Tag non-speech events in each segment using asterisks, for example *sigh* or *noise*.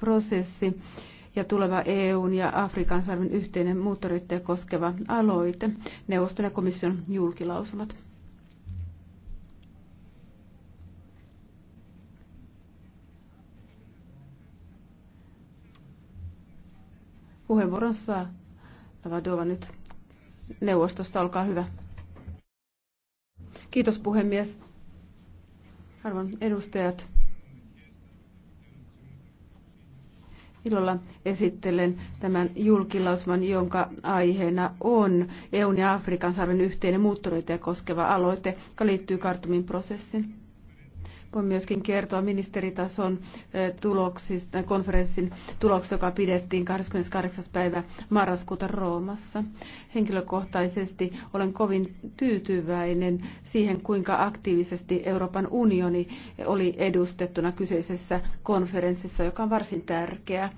prosessi ja tuleva EUn ja Afrikan sarven yhteinen muuttoreittejä koskeva aloite, neuvoston ja komission julkilausumat. Puheenvuorossa Lavadova nyt neuvostosta, olkaa hyvä. Kiitos puhemies. Arvon edustajat. Ilolla esittelen tämän julkilausman, jonka aiheena on EUn ja Afrikan saaren yhteinen muuttoreita koskeva aloite, joka liittyy Kartumin prosessiin. Voin myöskin kertoa ministeritason tuloksista, konferenssin tuloksista, joka pidettiin 28. päivä marraskuuta Roomassa. Henkilökohtaisesti olen kovin tyytyväinen siihen, kuinka aktiivisesti Euroopan unioni oli edustettuna kyseisessä konferenssissa, joka on varsin tärkeä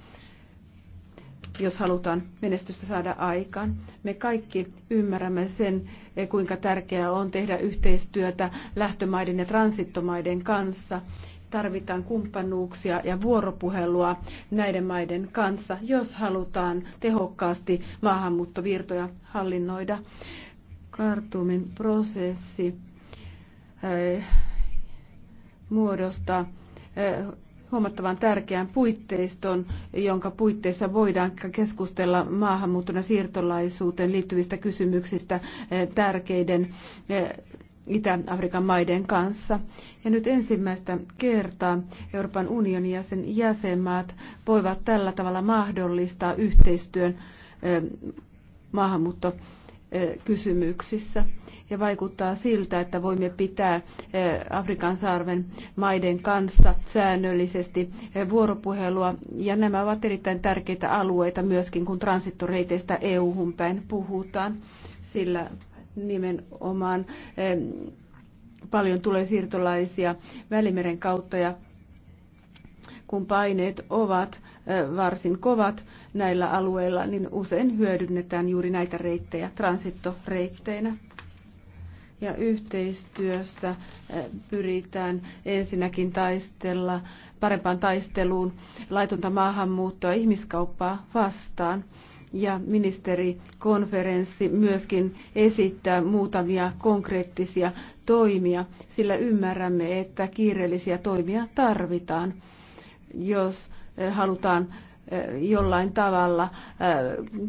jos halutaan menestystä saada aikaan. Me kaikki ymmärrämme sen, eh, kuinka tärkeää on tehdä yhteistyötä lähtömaiden ja transittomaiden kanssa. Tarvitaan kumppanuuksia ja vuoropuhelua näiden maiden kanssa, jos halutaan tehokkaasti maahanmuuttovirtoja hallinnoida. Kartumin prosessi eh, muodostaa eh, huomattavan tärkeän puitteiston, jonka puitteissa voidaan keskustella maahanmuuton ja siirtolaisuuteen liittyvistä kysymyksistä eh, tärkeiden eh, Itä-Afrikan maiden kanssa. Ja nyt ensimmäistä kertaa Euroopan unionin ja sen jäsenmaat voivat tällä tavalla mahdollistaa yhteistyön eh, maahanmuutto- kysymyksissä. Ja vaikuttaa siltä, että voimme pitää Afrikan saarven maiden kanssa säännöllisesti vuoropuhelua. Ja nämä ovat erittäin tärkeitä alueita myöskin, kun transittoreiteistä EU-hun päin puhutaan, sillä nimenomaan paljon tulee siirtolaisia Välimeren kautta ja kun paineet ovat varsin kovat näillä alueilla, niin usein hyödynnetään juuri näitä reittejä transittoreitteinä. Ja yhteistyössä pyritään ensinnäkin taistella parempaan taisteluun laitonta maahanmuuttoa ihmiskauppaa vastaan ja ministerikonferenssi myöskin esittää muutamia konkreettisia toimia, sillä ymmärrämme, että kiireellisiä toimia tarvitaan jos eh, halutaan eh, jollain tavalla eh,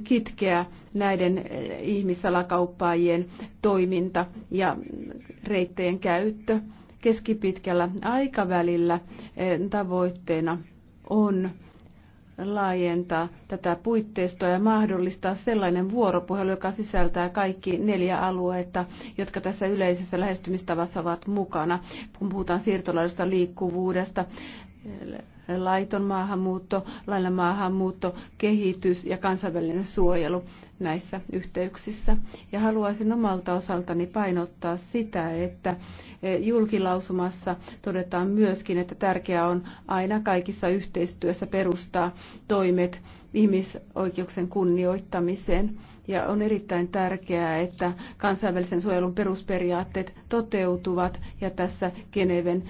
kitkeä näiden ihmissalakauppaajien toiminta ja reittejen käyttö. Keskipitkällä aikavälillä tavoitteena on laajentaa tätä puitteistoa ja mahdollistaa sellainen vuoropuhelu, joka sisältää kaikki neljä aluetta, jotka tässä yleisessä lähestymistavassa ovat mukana, kun puhutaan siirtolaisesta liikkuvuudesta, laiton maahanmuutto, lailla maahanmuutto, kehitys ja kansainvälinen suojelu näissä yhteyksissä. Ja haluaisin omalta osaltani painottaa sitä, että e, julkilausumassa todetaan myöskin, että tärkeää on aina kaikissa yhteistyössä perustaa toimet ihmisoikeuksien kunnioittamiseen. Ja on erittäin tärkeää, että kansainvälisen suojelun perusperiaatteet toteutuvat ja tässä Geneven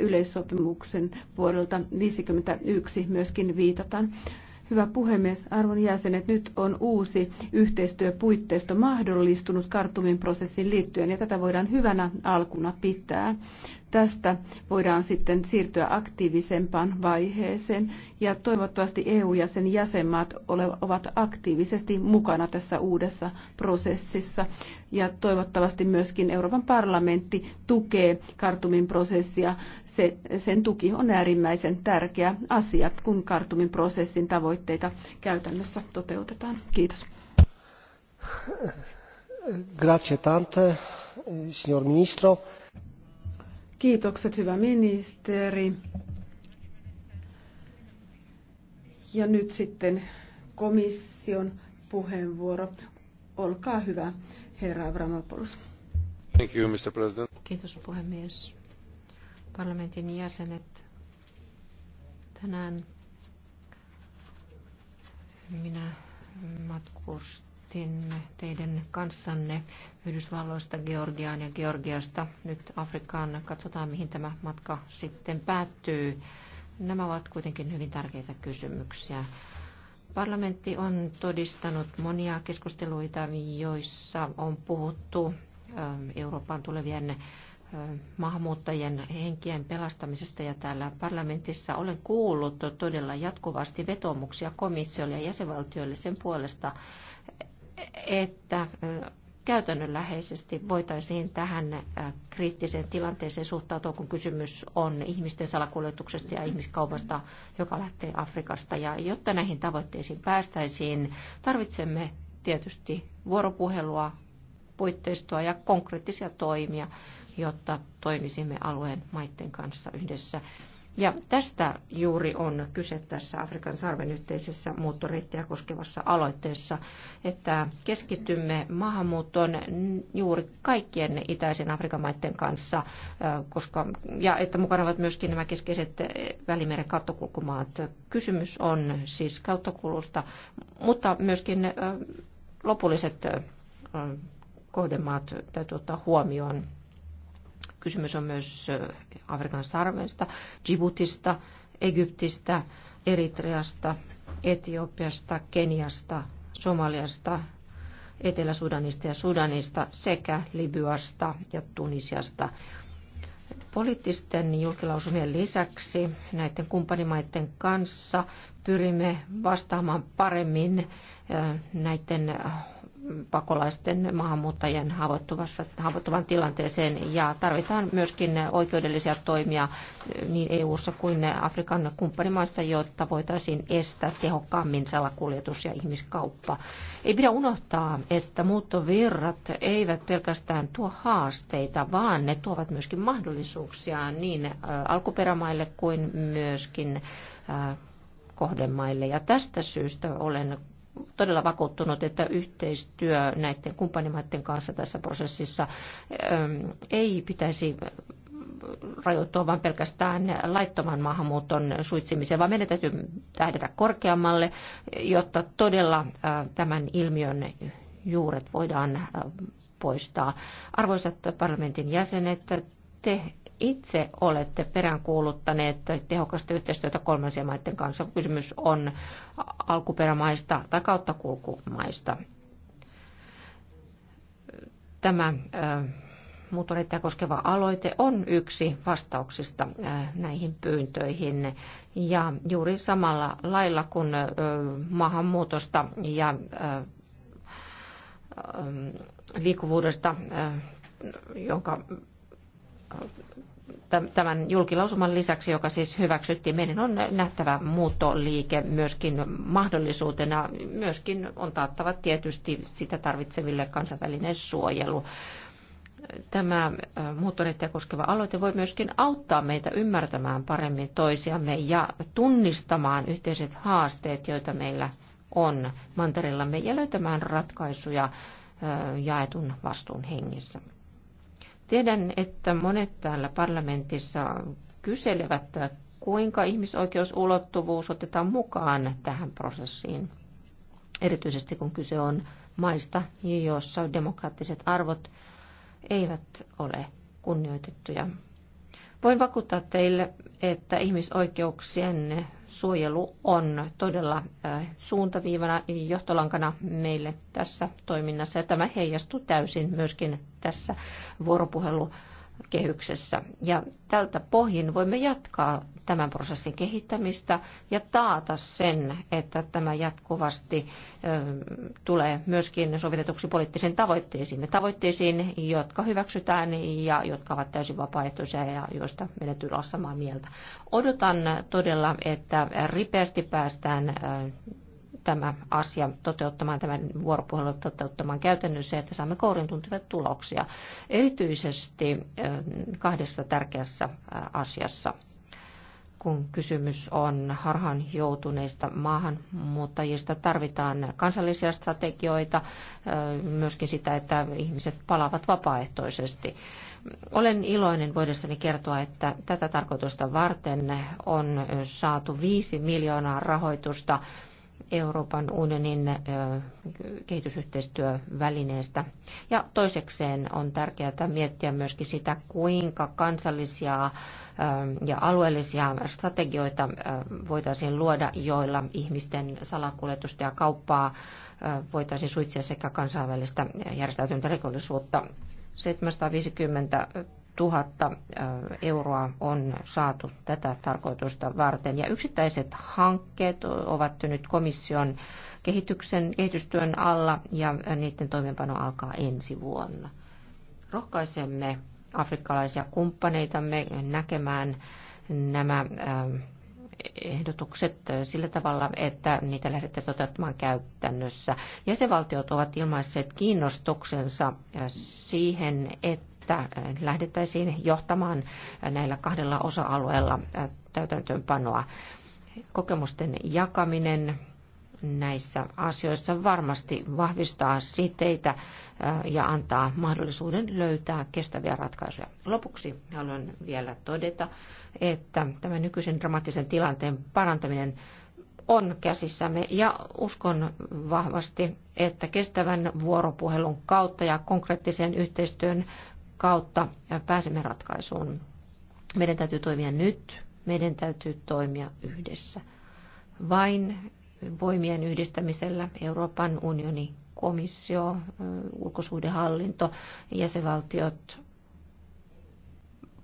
yleissopimuksen vuodelta 1951 myöskin viitataan. Hyvä puhemies, arvon jäsenet, nyt on uusi yhteistyöpuitteisto mahdollistunut kartumin prosessin liittyen ja tätä voidaan hyvänä alkuna pitää. Tästä voidaan sitten siirtyä aktiivisempaan vaiheeseen ja toivottavasti EU ja sen jäsenmaat ovat aktiivisesti mukana tässä uudessa prosessissa ja toivottavasti myöskin Euroopan parlamentti tukee kartumin prosessia. Se, sen tuki on äärimmäisen tärkeä asia, kun kartumin prosessin tavoitteita käytännössä toteutetaan. Kiitos. Grazie tante, signor ministro. Kiitokset, hyvä ministeri. Ja nyt sitten komission puheenvuoro. Olkaa hyvä, herra Avramopoulos. Thank you, Mr. President. Kiitos puhemies. Parlamentin jäsenet, tänään minä matkustan puhuttiin teidän kanssanne Yhdysvalloista, Georgiaan ja Georgiasta. Nyt Afrikkaan katsotaan, mihin tämä matka sitten päättyy. Nämä ovat kuitenkin hyvin tärkeitä kysymyksiä. Parlamentti on todistanut monia keskusteluita, joissa on puhuttu ähm, Euroopan tulevien äh, maahanmuuttajien henkien pelastamisesta ja täällä parlamentissa olen kuullut todella jatkuvasti vetomuksia komissiolle ja jäsenvaltioille sen puolesta, että käytännönläheisesti voitaisiin tähän kriittiseen tilanteeseen suhtautua, kun kysymys on ihmisten salakuljetuksesta ja ihmiskaupasta, joka lähtee Afrikasta. Ja jotta näihin tavoitteisiin päästäisiin, tarvitsemme tietysti vuoropuhelua, puitteistoa ja konkreettisia toimia, jotta toimisimme alueen maiden kanssa yhdessä. Ja tästä juuri on kyse tässä Afrikan sarven yhteisessä muuttoreittiä koskevassa aloitteessa, että keskitymme maahanmuuttoon juuri kaikkien itäisen Afrikan maiden kanssa, koska, ja että mukana ovat myöskin nämä keskeiset Välimeren kattokulkumaat. Kysymys on siis kauttakulusta, mutta myöskin lopulliset kohdemaat täytyy ottaa huomioon Kysymys on myös Afrikan sarvesta, Djiboutista, Egyptistä, Eritreasta, Etiopiasta, Keniasta, Somaliasta, Etelä-Sudanista ja Sudanista sekä Libyasta ja Tunisiasta. Poliittisten julkilausumien lisäksi näiden kumppanimaiden kanssa pyrimme vastaamaan paremmin näiden pakolaisten maahanmuuttajien haavoittuvan tilanteeseen ja tarvitaan myöskin oikeudellisia toimia niin EU-ssa kuin Afrikan kumppanimaissa, jotta voitaisiin estää tehokkaammin salakuljetus ja ihmiskauppa. Ei pidä unohtaa, että muuttovirrat eivät pelkästään tuo haasteita, vaan ne tuovat myöskin mahdollisuuksia niin äh, alkuperämaille kuin myöskin äh, kohdemaille. Ja tästä syystä olen todella vakuuttunut, että yhteistyö näiden kumppanimaiden kanssa tässä prosessissa ähm, ei pitäisi rajoittua vain pelkästään laittoman maahanmuuton suitsimiseen, vaan meidän täytyy tähdätä korkeammalle, jotta todella äh, tämän ilmiön juuret voidaan äh, poistaa. Arvoisat parlamentin jäsenet, te itse olette peräänkuuluttaneet tehokasta yhteistyötä kolmansien maiden kanssa, kun kysymys on alkuperämaista tai kauttakulkumaista. Tämä muuttoreittejä koskeva aloite on yksi vastauksista näihin pyyntöihin. Ja juuri samalla lailla kuin maahanmuutosta ja liikkuvuudesta, jonka tämän julkilausuman lisäksi, joka siis hyväksyttiin, meidän on nähtävä muuttoliike myöskin mahdollisuutena. Myöskin on taattava tietysti sitä tarvitseville kansainvälinen suojelu. Tämä muuttoreittejä koskeva aloite voi myöskin auttaa meitä ymmärtämään paremmin toisiamme ja tunnistamaan yhteiset haasteet, joita meillä on mantereellamme ja löytämään ratkaisuja jaetun vastuun hengissä. Tiedän, että monet täällä parlamentissa kyselevät, kuinka ihmisoikeusulottuvuus otetaan mukaan tähän prosessiin, erityisesti kun kyse on maista, joissa demokraattiset arvot eivät ole kunnioitettuja. Voin vakuuttaa teille, että ihmisoikeuksien suojelu on todella suuntaviivana johtolankana meille tässä toiminnassa ja tämä heijastuu täysin myöskin tässä vuoropuhelu kehyksessä. Ja tältä pohjin voimme jatkaa tämän prosessin kehittämistä ja taata sen, että tämä jatkuvasti tulee myöskin sovitetuksi poliittisiin tavoitteisiin. tavoitteisiin, jotka hyväksytään ja jotka ovat täysin vapaaehtoisia ja joista meidän täytyy olla samaa mieltä. Odotan todella, että ripeästi päästään tämä asia toteuttamaan, tämän vuoropuhelun toteuttamaan käytännössä, että saamme kourin tuntuvia tuloksia. Erityisesti kahdessa tärkeässä asiassa kun kysymys on harhaan joutuneista maahanmuuttajista. Tarvitaan kansallisia strategioita, myöskin sitä, että ihmiset palaavat vapaaehtoisesti. Olen iloinen voidessani kertoa, että tätä tarkoitusta varten on saatu 5 miljoonaa rahoitusta Euroopan unionin kehitysyhteistyövälineestä. Ja toisekseen on tärkeää miettiä myöskin sitä, kuinka kansallisia ja alueellisia strategioita voitaisiin luoda, joilla ihmisten salakuljetusta ja kauppaa voitaisiin suitsia sekä kansainvälistä järjestäytyntä rikollisuutta. 750 000 euroa on saatu tätä tarkoitusta varten. Ja yksittäiset hankkeet ovat nyt komission kehityksen, kehitystyön alla ja niiden toimeenpano alkaa ensi vuonna. Rohkaisemme afrikkalaisia kumppaneitamme näkemään nämä ehdotukset sillä tavalla, että niitä lähdettäisiin toteuttamaan käytännössä. Jäsenvaltiot ovat ilmaisseet kiinnostuksensa siihen, että että lähdettäisiin johtamaan näillä kahdella osa-alueella täytäntöönpanoa. Kokemusten jakaminen näissä asioissa varmasti vahvistaa siteitä ja antaa mahdollisuuden löytää kestäviä ratkaisuja. Lopuksi haluan vielä todeta, että tämän nykyisen dramaattisen tilanteen parantaminen on käsissämme ja uskon vahvasti, että kestävän vuoropuhelun kautta ja konkreettisen yhteistyön kautta pääsemme ratkaisuun. Meidän täytyy toimia nyt, meidän täytyy toimia yhdessä. Vain voimien yhdistämisellä Euroopan unioni, komissio, ulkosuhdehallinto, jäsenvaltiot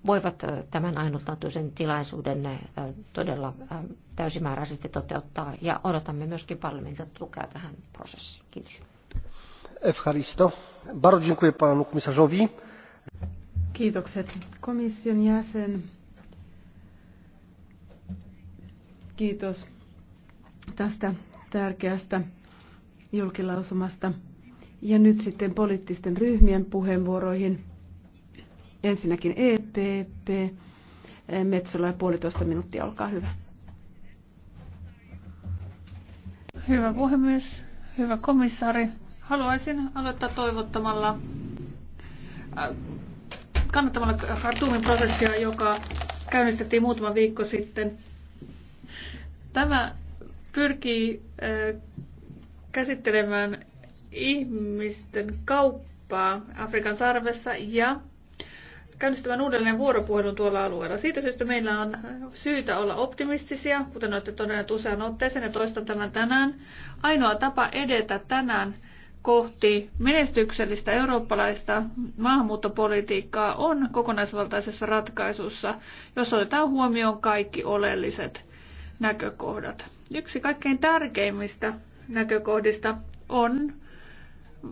voivat tämän ainutlaatuisen tilaisuuden todella täysimääräisesti toteuttaa ja odotamme myöskin parlamentilta tukea tähän prosessiin. Kiitos. Bardzo dziękuję panu komisarzowi. Kiitokset komission jäsen. Kiitos tästä tärkeästä julkilausumasta. Ja nyt sitten poliittisten ryhmien puheenvuoroihin. Ensinnäkin EPP. Metsola ja puolitoista minuuttia, olkaa hyvä. Hyvä puhemies, hyvä komissaari. Haluaisin aloittaa toivottamalla Äh, kannattamalla Khartoumin prosessia, joka käynnistettiin muutama viikko sitten. Tämä pyrkii äh, käsittelemään ihmisten kauppaa Afrikan sarvessa ja käynnistämään uudelleen vuoropuhelun tuolla alueella. Siitä syystä meillä on syytä olla optimistisia, kuten olette todenneet usean otteeseen ja toistan tämän tänään. Ainoa tapa edetä tänään kohti menestyksellistä eurooppalaista maahanmuuttopolitiikkaa on kokonaisvaltaisessa ratkaisussa, jos otetaan huomioon kaikki oleelliset näkökohdat. Yksi kaikkein tärkeimmistä näkökohdista on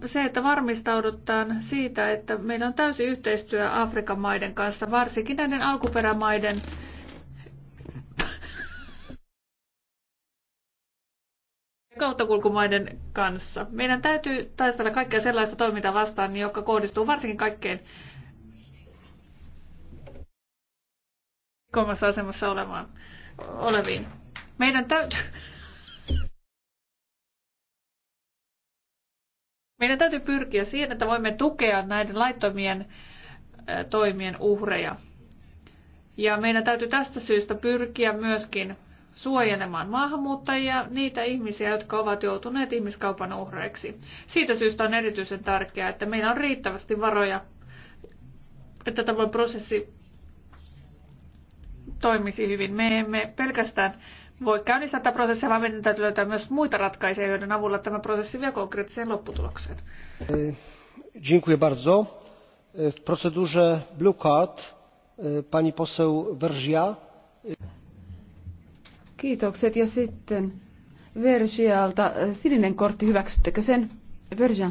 se, että varmistaudutaan siitä, että meillä on täysi yhteistyö Afrikan maiden kanssa, varsinkin näiden alkuperämaiden kauttakulkumaiden kanssa. Meidän täytyy taistella kaikkea sellaista toimintaa vastaan, joka kohdistuu varsinkin kaikkein heikommassa asemassa olemaan, oleviin. Meidän täytyy... Meidän täytyy pyrkiä siihen, että voimme tukea näiden laittomien toimien uhreja. Ja meidän täytyy tästä syystä pyrkiä myöskin suojelemaan maahanmuuttajia, niitä ihmisiä, jotka ovat joutuneet ihmiskaupan uhreiksi. Siitä syystä on erityisen tärkeää, että meillä on riittävästi varoja, että tämä prosessi toimisi hyvin. Me emme pelkästään voi käynnistää tätä prosessia, vaan meidän täytyy löytää myös muita ratkaisuja, joiden avulla tämä prosessi vie konkreettiseen lopputulokseen. Eh, dziękuję bardzo. Eh, w procedurze Blue Card eh, pani poseł Verzia. Kiitokset. Ja sitten Versialta äh, sininen kortti, hyväksyttekö sen? Versia.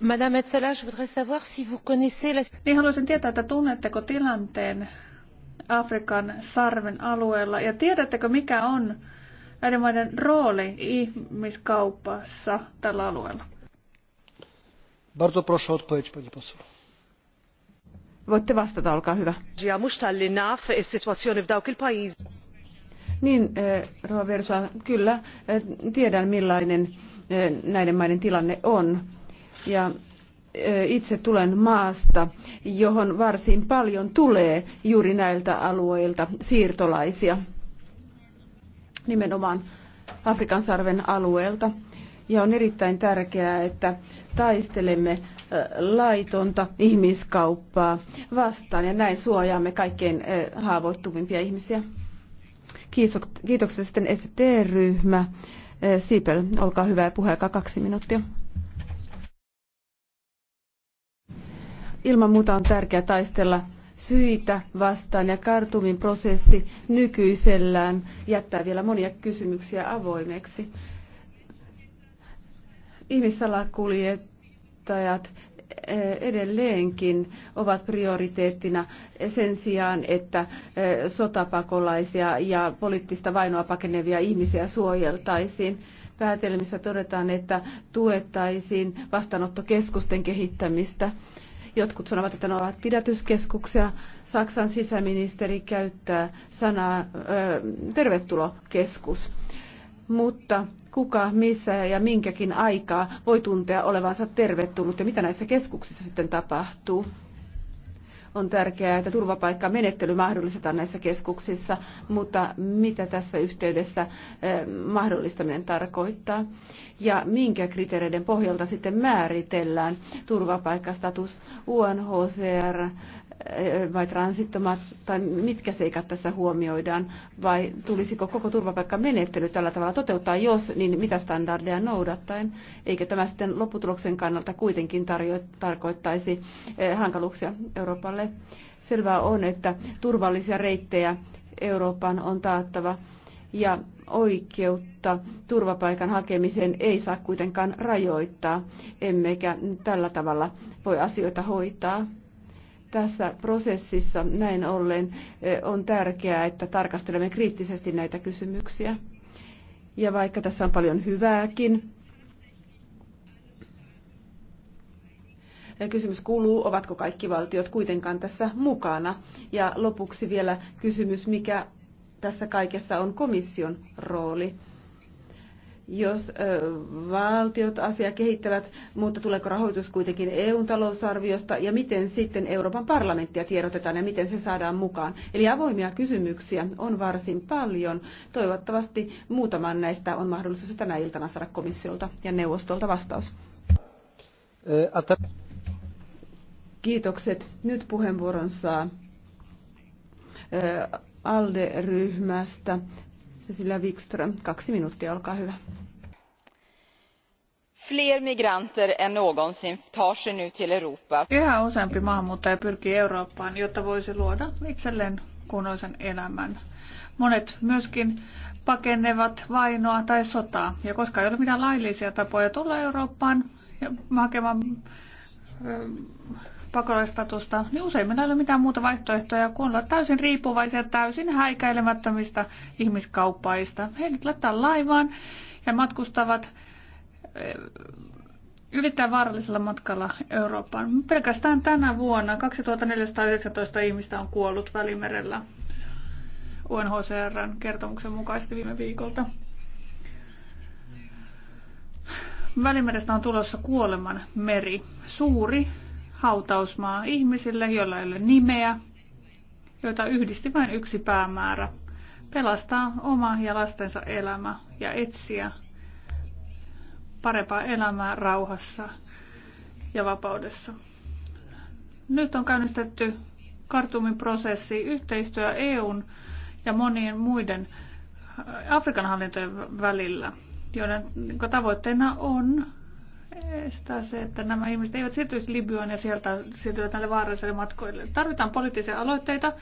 Madame Etzela, je voudrais savoir si vous connaissez la... Niin haluaisin tietää, että tunnetteko tilanteen Afrikan sarven alueella ja tiedättekö mikä on näiden maiden rooli ihmiskaupassa tällä alueella? Bardzo proszę odpowiedź, pani poseł. Voitte vastata, olkaa hyvä. Ja musta naf e situazione f'dawk il-pajjiż. Niin, eh, Rova Versa, kyllä eh, tiedän millainen eh, näiden maiden tilanne on. Ja itse tulen maasta, johon varsin paljon tulee juuri näiltä alueilta siirtolaisia, nimenomaan Afrikan sarven alueelta. Ja on erittäin tärkeää, että taistelemme laitonta ihmiskauppaa vastaan ja näin suojaamme kaikkein haavoittuvimpia ihmisiä. Kiitoksia sitten ST-ryhmä. Siipel, olkaa hyvä ja puheekaa kaksi minuuttia. Ilman muuta on tärkeää taistella syitä vastaan ja kartumin prosessi nykyisellään jättää vielä monia kysymyksiä avoimeksi. Ihmissalakuljet kuluttajat eh, edelleenkin ovat prioriteettina sen sijaan, että eh, sotapakolaisia ja poliittista vainoa pakenevia ihmisiä suojeltaisiin. Päätelmissä todetaan, että tuettaisiin vastaanottokeskusten kehittämistä. Jotkut sanovat, että ne ovat pidätyskeskuksia. Saksan sisäministeri käyttää sanaa ö, eh, tervetulokeskus. Mutta kuka, missä ja minkäkin aikaa voi tuntea olevansa tervetullut ja mitä näissä keskuksissa sitten tapahtuu. On tärkeää, että turvapaikkamenettely mahdollistetaan näissä keskuksissa, mutta mitä tässä yhteydessä eh, mahdollistaminen tarkoittaa ja minkä kriteereiden pohjalta sitten määritellään turvapaikkastatus UNHCR vai transittomat, tai mitkä seikat tässä huomioidaan, vai tulisiko koko turvapaikkamenettely tällä tavalla toteuttaa, jos, niin mitä standardeja noudattaen, eikö tämä sitten lopputuloksen kannalta kuitenkin tarjo- tarkoittaisi hankaluuksia Euroopalle. Selvää on, että turvallisia reittejä Euroopan on taattava, ja oikeutta turvapaikan hakemiseen ei saa kuitenkaan rajoittaa, emmekä tällä tavalla voi asioita hoitaa. Tässä prosessissa näin ollen eh, on tärkeää, että tarkastelemme kriittisesti näitä kysymyksiä. Ja vaikka tässä on paljon hyvääkin, eh, kysymys kuuluu, ovatko kaikki valtiot kuitenkaan tässä mukana? Ja lopuksi vielä kysymys, mikä tässä kaikessa on komission rooli? jos valtiot asia kehittävät, mutta tuleeko rahoitus kuitenkin eu talousarviosta ja miten sitten Euroopan parlamenttia tiedotetaan ja miten se saadaan mukaan. Eli avoimia kysymyksiä on varsin paljon. Toivottavasti muutaman näistä on mahdollisuus tänä iltana saada komissiolta ja neuvostolta vastaus. Kiitokset. Nyt puheenvuoron saa ALDE-ryhmästä Cecilia Wikström, kaksi minuuttia, olkaa hyvä. Fler migranter än någonsin tar sig nu till Europa. Yhä useampi maahanmuuttaja pyrkii Eurooppaan, jotta voisi luoda itselleen kunnoisen elämän. Monet myöskin pakenevat vainoa tai sotaa. Ja koska ei ole mitään laillisia tapoja tulla Eurooppaan ja hakemaan pakolaistatusta, niin useimmin ei ole mitään muuta vaihtoehtoja kuin olla täysin riippuvaisia, täysin häikäilemättömistä ihmiskauppaista. Heidät laittaa laivaan ja matkustavat eh, yrittää vaarallisella matkalla Eurooppaan. Pelkästään tänä vuonna 2419 ihmistä on kuollut Välimerellä UNHCRn kertomuksen mukaisesti viime viikolta. Välimerestä on tulossa kuoleman meri. Suuri hautausmaa ihmisille, joilla ei ole nimeä, joita yhdisti vain yksi päämäärä, pelastaa oma ja lastensa elämä ja etsiä parempaa elämää rauhassa ja vapaudessa. Nyt on käynnistetty kartumin prosessi yhteistyö EUn ja monien muiden äh, Afrikan hallintojen välillä, joiden tavoitteena on estää se, että nämä ihmiset eivät siirtyisi Libyaan ja sieltä siirtyvät näille vaarallisille matkoille. Tarvitaan poliittisia aloitteita.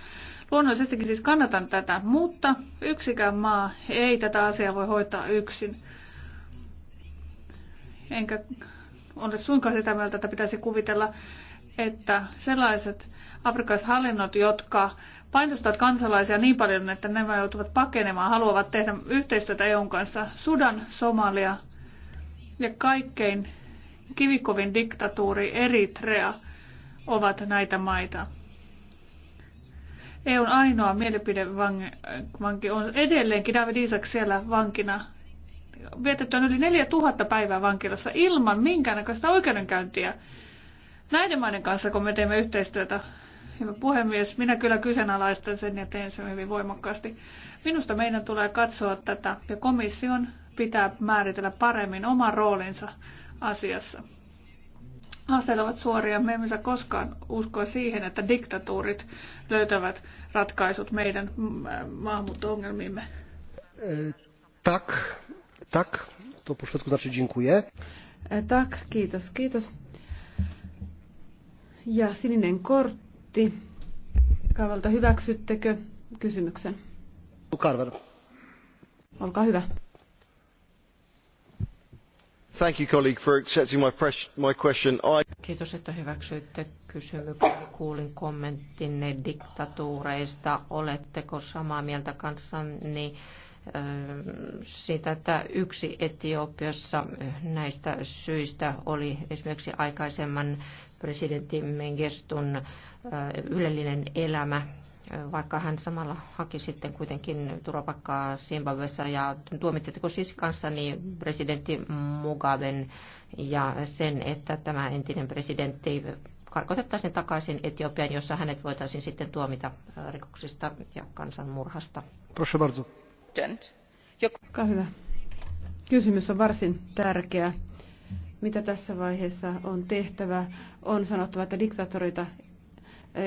Luonnollisestikin siis kannatan tätä, mutta yksikään maa ei tätä asiaa voi hoitaa yksin. Enkä ole suinkaan sitä mieltä, että pitäisi kuvitella, että sellaiset Afrikan hallinnot, jotka painostavat kansalaisia niin paljon, että nämä joutuvat pakenemaan, haluavat tehdä yhteistyötä EUn kanssa. Sudan, Somalia ja kaikkein Kivikovin diktatuuri, Eritrea ovat näitä maita. EUn ainoa mielipidevanki on edelleenkin David Isaac siellä vankina. Vietetty on yli 4000 päivää vankilassa ilman minkäännäköistä oikeudenkäyntiä. Näiden maiden kanssa, kun me teemme yhteistyötä, hyvä puhemies, minä kyllä kyseenalaistan sen ja teen sen hyvin voimakkaasti. Minusta meidän tulee katsoa tätä ja komission pitää määritellä paremmin oma roolinsa asiassa. Haasteet ovat suoria. Me emme saa koskaan uskoa siihen, että diktatuurit löytävät ratkaisut meidän mm, maahanmuutto-ongelmiimme. Äh, tak, tak. To po szwedzku znaczy dziękuję. Äh, tak, kiitos, kiitos. Ja sininen kortti. Kavalta hyväksyttekö kysymyksen? Karver. Olkaa hyvä thank you colleague for accepting my question. I... Kiitos, että hyväksyitte kysymyksen. Kuulin kommenttinne diktatuureista. Oletteko samaa mieltä kanssani? siitä, että yksi Etiopiassa näistä syistä oli esimerkiksi aikaisemman presidentti Mengestun ylellinen elämä vaikka hän samalla haki sitten kuitenkin turvapaikkaa Zimbabwessa. Ja tuomitsetteko siis Niin presidentti Mugaben ja sen, että tämä entinen presidentti karkotettaisiin takaisin Etiopian, jossa hänet voitaisiin sitten tuomita rikoksista ja kansanmurhasta. Proszę bardzo. Olkaa hyvä. Kysymys on varsin tärkeä. Mitä tässä vaiheessa on tehtävä? On sanottava, että diktaattoreita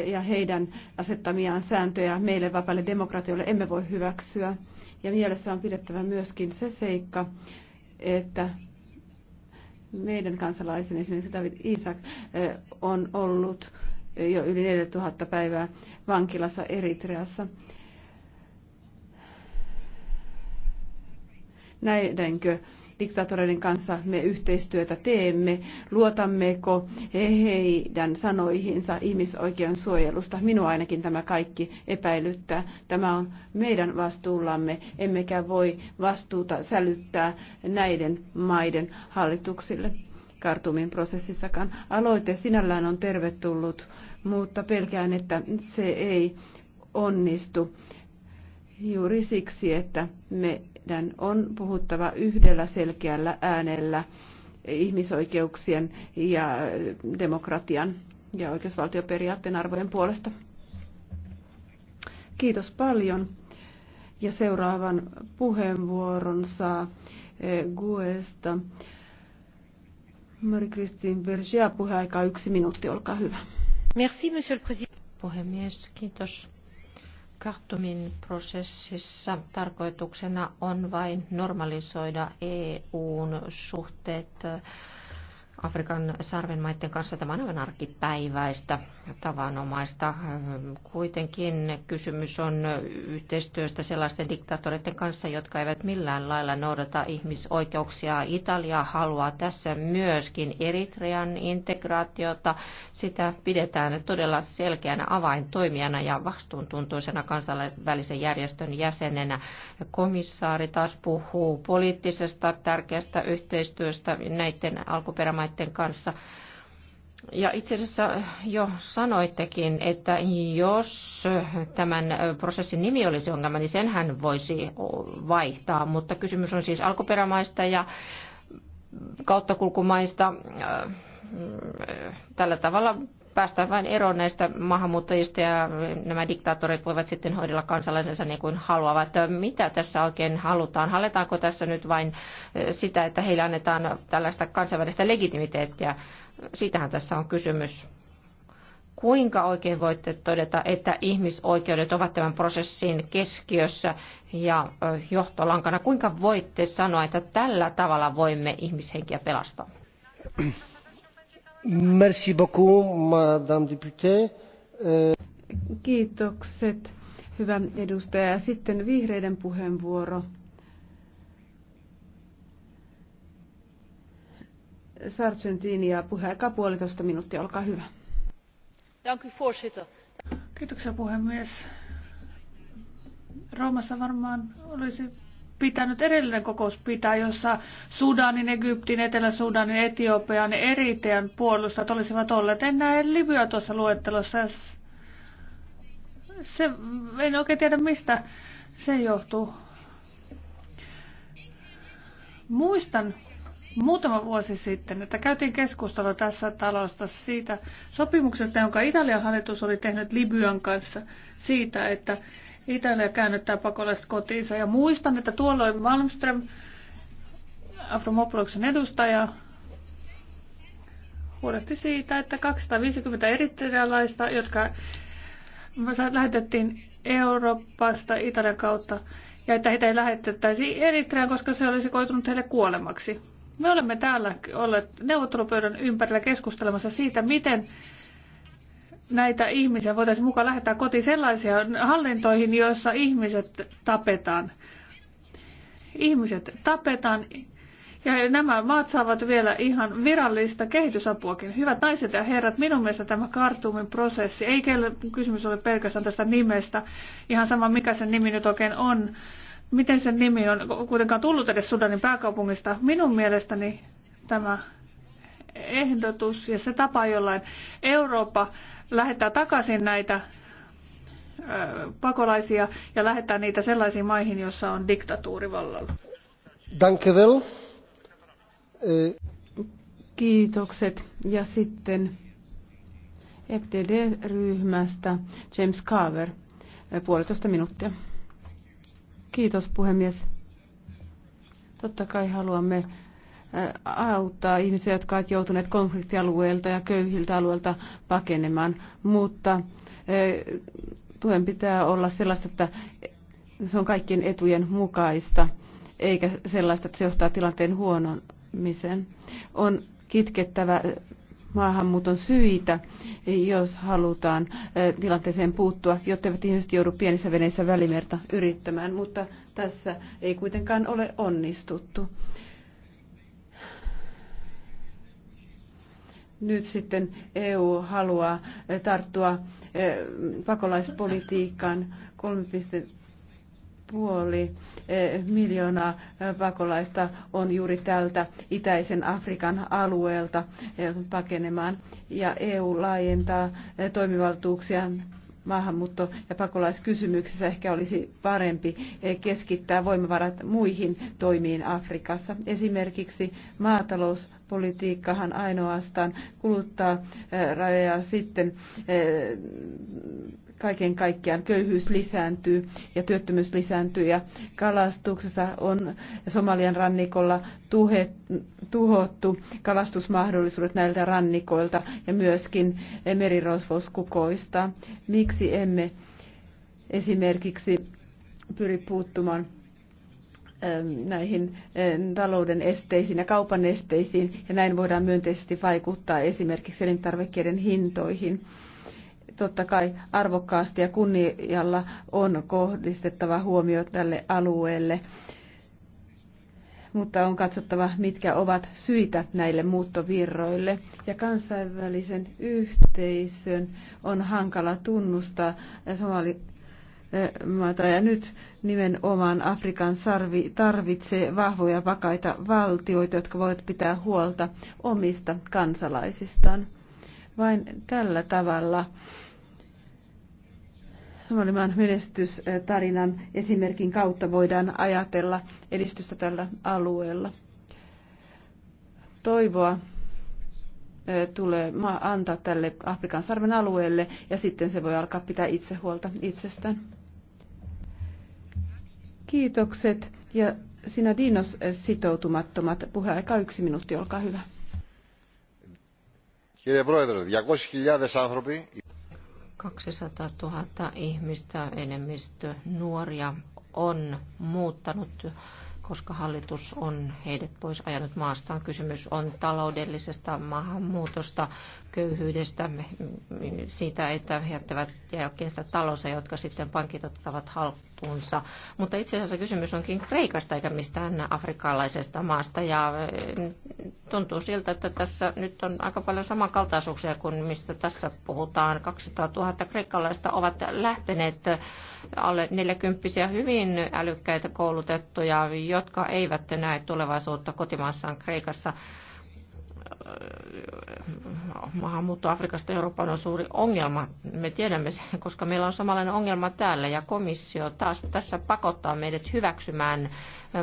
ja heidän asettamiaan sääntöjä meille vapaille demokratioille emme voi hyväksyä. Ja mielessä on pidettävä myöskin se seikka, että meidän kansalaisen, esimerkiksi David Isaac, on ollut jo yli 4000 päivää vankilassa Eritreassa. Näidenkö diktaattoreiden kanssa me yhteistyötä teemme, luotammeko heidän sanoihinsa ihmisoikeuden suojelusta. Minua ainakin tämä kaikki epäilyttää. Tämä on meidän vastuullamme, emmekä voi vastuuta sälyttää näiden maiden hallituksille. Kartumin prosessissakaan. Aloite sinällään on tervetullut, mutta pelkään, että se ei onnistu juuri siksi, että me meidän on puhuttava yhdellä selkeällä äänellä ihmisoikeuksien ja demokratian ja oikeusvaltioperiaatteen arvojen puolesta. Kiitos paljon. Ja seuraavan puheenvuoron saa eh, Guesta. marie christine Berger, puheaika yksi minuutti, olkaa hyvä. Merci, monsieur le président. Puhemies, kiitos. Kartumin prosessissa tarkoituksena on vain normalisoida EUn suhteet Afrikan sarvenmaiden kanssa tämä on aivan arkipäiväistä tavanomaista. Kuitenkin kysymys on yhteistyöstä sellaisten diktaattoreiden kanssa, jotka eivät millään lailla noudata ihmisoikeuksia. Italia haluaa tässä myöskin Eritrean integraatiota. Sitä pidetään todella selkeänä avaintoimijana ja vastuuntuntoisena kansainvälisen järjestön jäsenenä. Komissaari taas puhuu poliittisesta tärkeästä yhteistyöstä näiden alkuperämaiden maiden kanssa. Ja itse asiassa jo sanoittekin, että jos tämän prosessin nimi olisi ongelma, niin sen hän voisi vaihtaa, mutta kysymys on siis alkuperämaista ja kauttakulkumaista. Äh, mm, äh, tällä tavalla päästään vain eroon näistä maahanmuuttajista ja nämä diktaattorit voivat sitten hoidella kansalaisensa niin kuin haluavat. Mitä tässä oikein halutaan? Halletaanko tässä nyt vain eh, sitä, että heille annetaan tällaista kansainvälistä legitimiteettiä? Siitähän tässä on kysymys. Kuinka oikein voitte todeta, että ihmisoikeudet ovat tämän prosessin keskiössä ja eh, johtolankana? Kuinka voitte sanoa, että tällä tavalla voimme ihmishenkiä pelastaa? Euh, Kiitokset, hyvä edustaja. Sitten vihreiden puheenvuoro. Sargentini ja puheaika puolitoista minuuttia, olkaa hyvä. Kiitoksia puhemies. Roomassa varmaan olisi pitänyt edellinen kokous pitää, jossa Sudanin, Egyptin, Etelä-Sudanin, Etiopian, Eritean puolustajat olisivat olleet. En näe Libya tuossa luettelossa. Se, en oikein tiedä mistä se johtuu. Muistan muutama vuosi sitten, että käytiin keskustelua tässä talosta siitä sopimuksesta, jonka Italian hallitus oli tehnyt Libyan kanssa siitä, että Italia käännyttää pakolaiset kotiinsa. Ja muistan, että tuolloin Malmström, Afromopoloksen edustaja, huolehti siitä, että 250 eritrealaista, jotka lähetettiin Euroopasta Italian kautta, ja että heitä ei lähetettäisi Eritreaan, koska se olisi koitunut heille kuolemaksi. Me olemme täällä olleet neuvottelupöydän ympärillä keskustelemassa siitä, miten näitä ihmisiä voitaisiin mukaan lähettää kotiin sellaisia hallintoihin, joissa ihmiset tapetaan. Ihmiset tapetaan ja nämä maat saavat vielä ihan virallista kehitysapuakin. Hyvät naiset ja herrat, minun mielestä tämä kartuumin prosessi, ei kelle kysymys ole pelkästään tästä nimestä, ihan sama mikä sen nimi nyt oikein on, miten sen nimi on kuitenkaan tullut edes Sudanin pääkaupungista. Minun mielestäni tämä ehdotus ja se tapa, jollain Eurooppa lähettää takaisin näitä pakolaisia ja lähettää niitä sellaisiin maihin, joissa on diktatuuri vallalla. Danke well. E- Kiitokset. Ja sitten FTD-ryhmästä James Carver, e, puolitoista minuuttia. Kiitos puhemies. Totta kai haluamme auttaa ihmisiä, jotka ovat joutuneet konfliktialueelta ja köyhiltä alueelta pakenemaan, mutta tuen pitää olla sellaista, että se on kaikkien etujen mukaista, eikä sellaista, että se johtaa tilanteen huonomiseen. On kitkettävä maahanmuuton syitä, jos halutaan tilanteeseen puuttua, jotta eivät ihmiset joudu pienissä veneissä välimerta yrittämään, mutta tässä ei kuitenkaan ole onnistuttu. nyt sitten EU haluaa eh, tarttua eh, pakolaispolitiikkaan 3,5 eh, miljoonaa pakolaista on juuri tältä itäisen Afrikan alueelta pakenemaan ja EU laajentaa toimivaltuuksiaan maahanmuutto- ja pakolaiskysymyksissä ehkä olisi parempi eh, keskittää voimavarat muihin toimiin Afrikassa. Esimerkiksi maatalouspolitiikkahan ainoastaan kuluttaa eh, rajoja sitten eh, kaiken kaikkiaan köyhyys lisääntyy ja työttömyys lisääntyy ja kalastuksessa on Somalian rannikolla tuhe, tuhottu kalastusmahdollisuudet näiltä rannikoilta ja myöskin merirosvous Miksi emme esimerkiksi pyri puuttumaan ähm, näihin ähm, talouden esteisiin ja kaupan esteisiin, ja näin voidaan myönteisesti vaikuttaa esimerkiksi elintarvikkeiden hintoihin totta kai arvokkaasti ja kunnialla on kohdistettava huomio tälle alueelle. Mutta on katsottava, mitkä ovat syitä näille muuttovirroille. Ja kansainvälisen yhteisön on hankala tunnustaa somali Ja nyt nimenomaan Afrikan sarvi tarvitsee vahvoja vakaita valtioita, jotka voivat pitää huolta omista kansalaisistaan. Vain tällä tavalla Somalimaan menestystarinan esimerkin kautta voidaan ajatella edistystä tällä alueella. Toivoa tulee antaa tälle Afrikan sarven alueelle ja sitten se voi alkaa pitää itse huolta itsestään. Kiitokset ja sinä Dinos sitoutumattomat puheaika yksi minuutti, olkaa hyvä. Kiitos. άνθρωποι... 200 000 ihmistä, enemmistö nuoria, on muuttanut, koska hallitus on heidät pois ajanut maastaan. Kysymys on taloudellisesta maahanmuutosta, köyhyydestä, niin siitä, että he jättävät jälkeensä talossa, jotka sitten pankit ottavat haltuunsa. Mutta itse asiassa kysymys onkin Kreikasta eikä mistään afrikkalaisesta maasta. Ja eh, tuntuu siltä, että tässä nyt on aika paljon samankaltaisuuksia kuin mistä tässä puhutaan. 200 000 kreikkalaista ovat lähteneet alle 40 hyvin älykkäitä koulutettuja, jotka eivät näe tulevaisuutta kotimaassaan Kreikassa maahanmuutto Afrikasta Euroopan on suuri ongelma. Me tiedämme sen, koska meillä on samanlainen ongelma täällä ja komissio taas tässä pakottaa meidät hyväksymään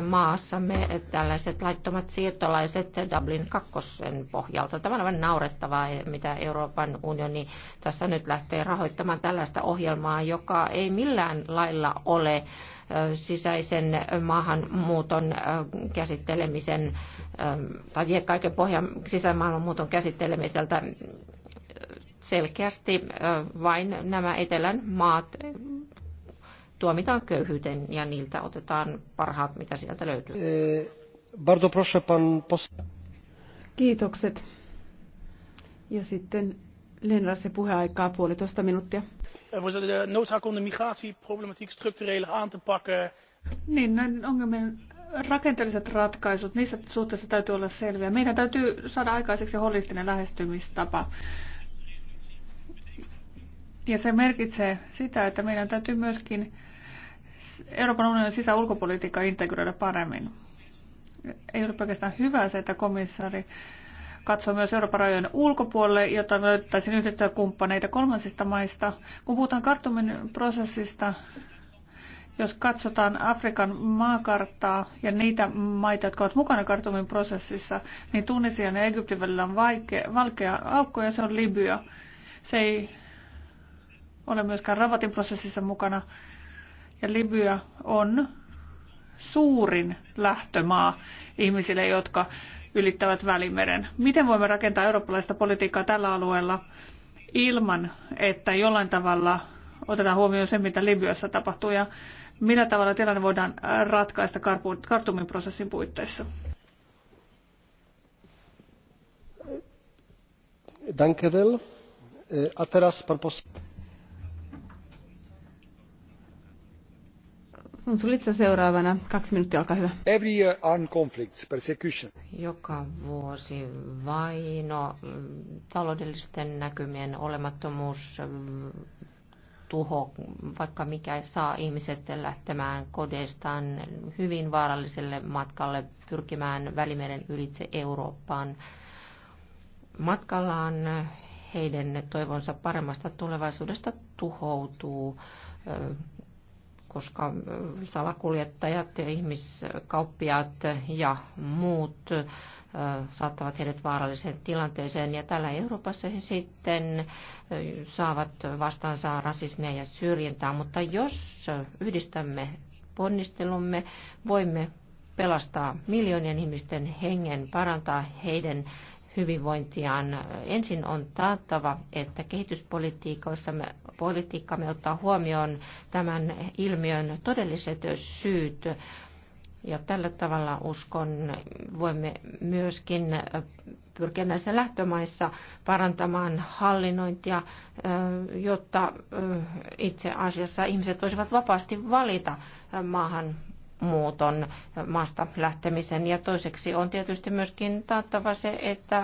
maassamme tällaiset laittomat siirtolaiset Dublin kakkosen pohjalta. Tämä on aivan naurettavaa, mitä Euroopan unioni tässä nyt lähtee rahoittamaan tällaista ohjelmaa, joka ei millään lailla ole sisäisen maahanmuuton käsittelemisen tai vie kaiken pohjan maahanmuuton käsittelemiseltä selkeästi vain nämä etelän maat tuomitaan köyhyyteen ja niiltä otetaan parhaat, mitä sieltä löytyy. proszę pan Kiitokset. Ja sitten Lenra se puheaikaa puolitoista minuuttia. Eh, voorzitter de noodzaak om de migratieproblematiek structureel aan te pakken. niin näiden ongelmien rakenteelliset ratkaisut niissä suhteessa täytyy olla selviä. meidän täytyy saada aikaiseksi holistinen lähestymistapa. Ja se merkitsee sitä, että meidän täytyy myöskin Euroopan unionin sisä- ulkopolitiikka integroida paremmin. Ei ole pelkästään hyvä se, että komissaari katsoa myös Euroopan rajojen ulkopuolelle, jotta löytäisiin yhteistyökumppaneita kolmansista maista. Kun puhutaan kartumin prosessista, jos katsotaan Afrikan maakarttaa ja niitä maita, jotka ovat mukana kartumin prosessissa, niin Tunisian ja Egyptin välillä on vaikea, valkea aukko ja se on Libya. Se ei ole myöskään Ravatin prosessissa mukana. Ja Libya on suurin lähtömaa ihmisille, jotka ylittävät Välimeren. Miten voimme rakentaa eurooppalaista politiikkaa tällä alueella ilman, että jollain tavalla otetaan huomioon se, mitä Libyassa tapahtuu ja millä tavalla tilanne voidaan ratkaista kartumin prosessin puitteissa? Danke wel. Eh, a teraz pan On Sulitsa seuraavana. Kaksi minuuttia, olkaa hyvä. Every year armed conflicts, persecution. Joka vuosi vaino, taloudellisten näkymien olemattomuus, tuho, vaikka mikä saa ihmiset lähtemään kodeistaan hyvin vaaralliselle matkalle, pyrkimään Välimeren ylitse Eurooppaan. Matkallaan heidän toivonsa paremmasta tulevaisuudesta tuhoutuu koska salakuljettajat, ihmiskauppiaat ja muut saattavat heidät vaaralliseen tilanteeseen. Ja täällä Euroopassa he sitten saavat vastaansa rasismia ja syrjintää. Mutta jos yhdistämme ponnistelumme, voimme pelastaa miljoonien ihmisten hengen, parantaa heidän hyvinvointiaan. Ensin on taattava, että me ottaa huomioon tämän ilmiön todelliset syyt. Ja tällä tavalla uskon voimme myöskin pyrkiä näissä lähtömaissa parantamaan hallinnointia, jotta itse asiassa ihmiset voisivat vapaasti valita maahan muuton maasta lähtemisen. Ja toiseksi on tietysti myöskin taattava se, että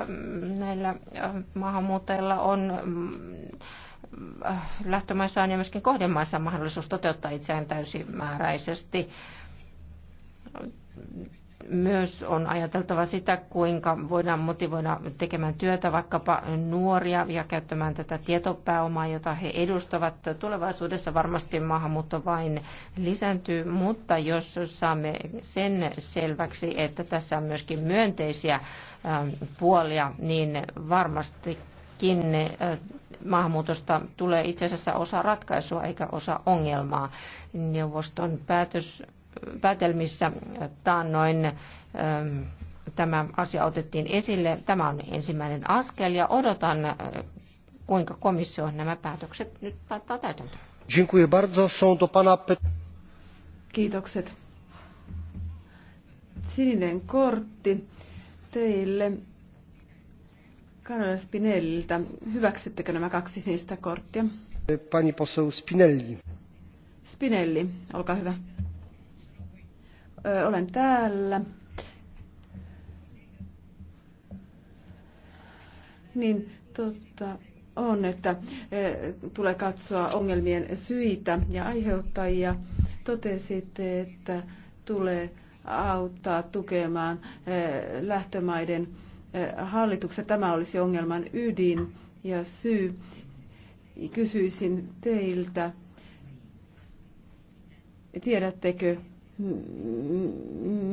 näillä äh, maahanmuuttajilla on mm, äh, lähtömaissaan ja myöskin kohdemaissaan mahdollisuus toteuttaa itseään täysimääräisesti myös on ajateltava sitä, kuinka voidaan motivoida tekemään työtä vaikkapa nuoria ja käyttämään tätä tietopääomaa, jota he edustavat. Tulevaisuudessa varmasti maahanmuutto vain lisääntyy, mutta jos saamme sen selväksi, että tässä on myöskin myönteisiä puolia, niin varmasti maahanmuutosta tulee itse asiassa osa ratkaisua eikä osa ongelmaa. Neuvoston päätös päätelmissä taannoin ähm, tämä asia otettiin esille. Tämä on ensimmäinen askel ja odotan, äh, kuinka komissio nämä päätökset nyt päättää täytäntöön. Dziękuję bardzo. Są do pana Kiitokset. Sininen kortti teille. Karola Spinelliltä. Hyväksyttekö nämä kaksi sinistä korttia? Pani poseł Spinelli. Spinelli, olkaa hyvä olen täällä. Niin totta on, että tulee katsoa ongelmien syitä ja aiheuttajia. Totesitte, että tulee auttaa tukemaan lähtömaiden hallituksen. Tämä olisi ongelman ydin ja syy. Kysyisin teiltä, tiedättekö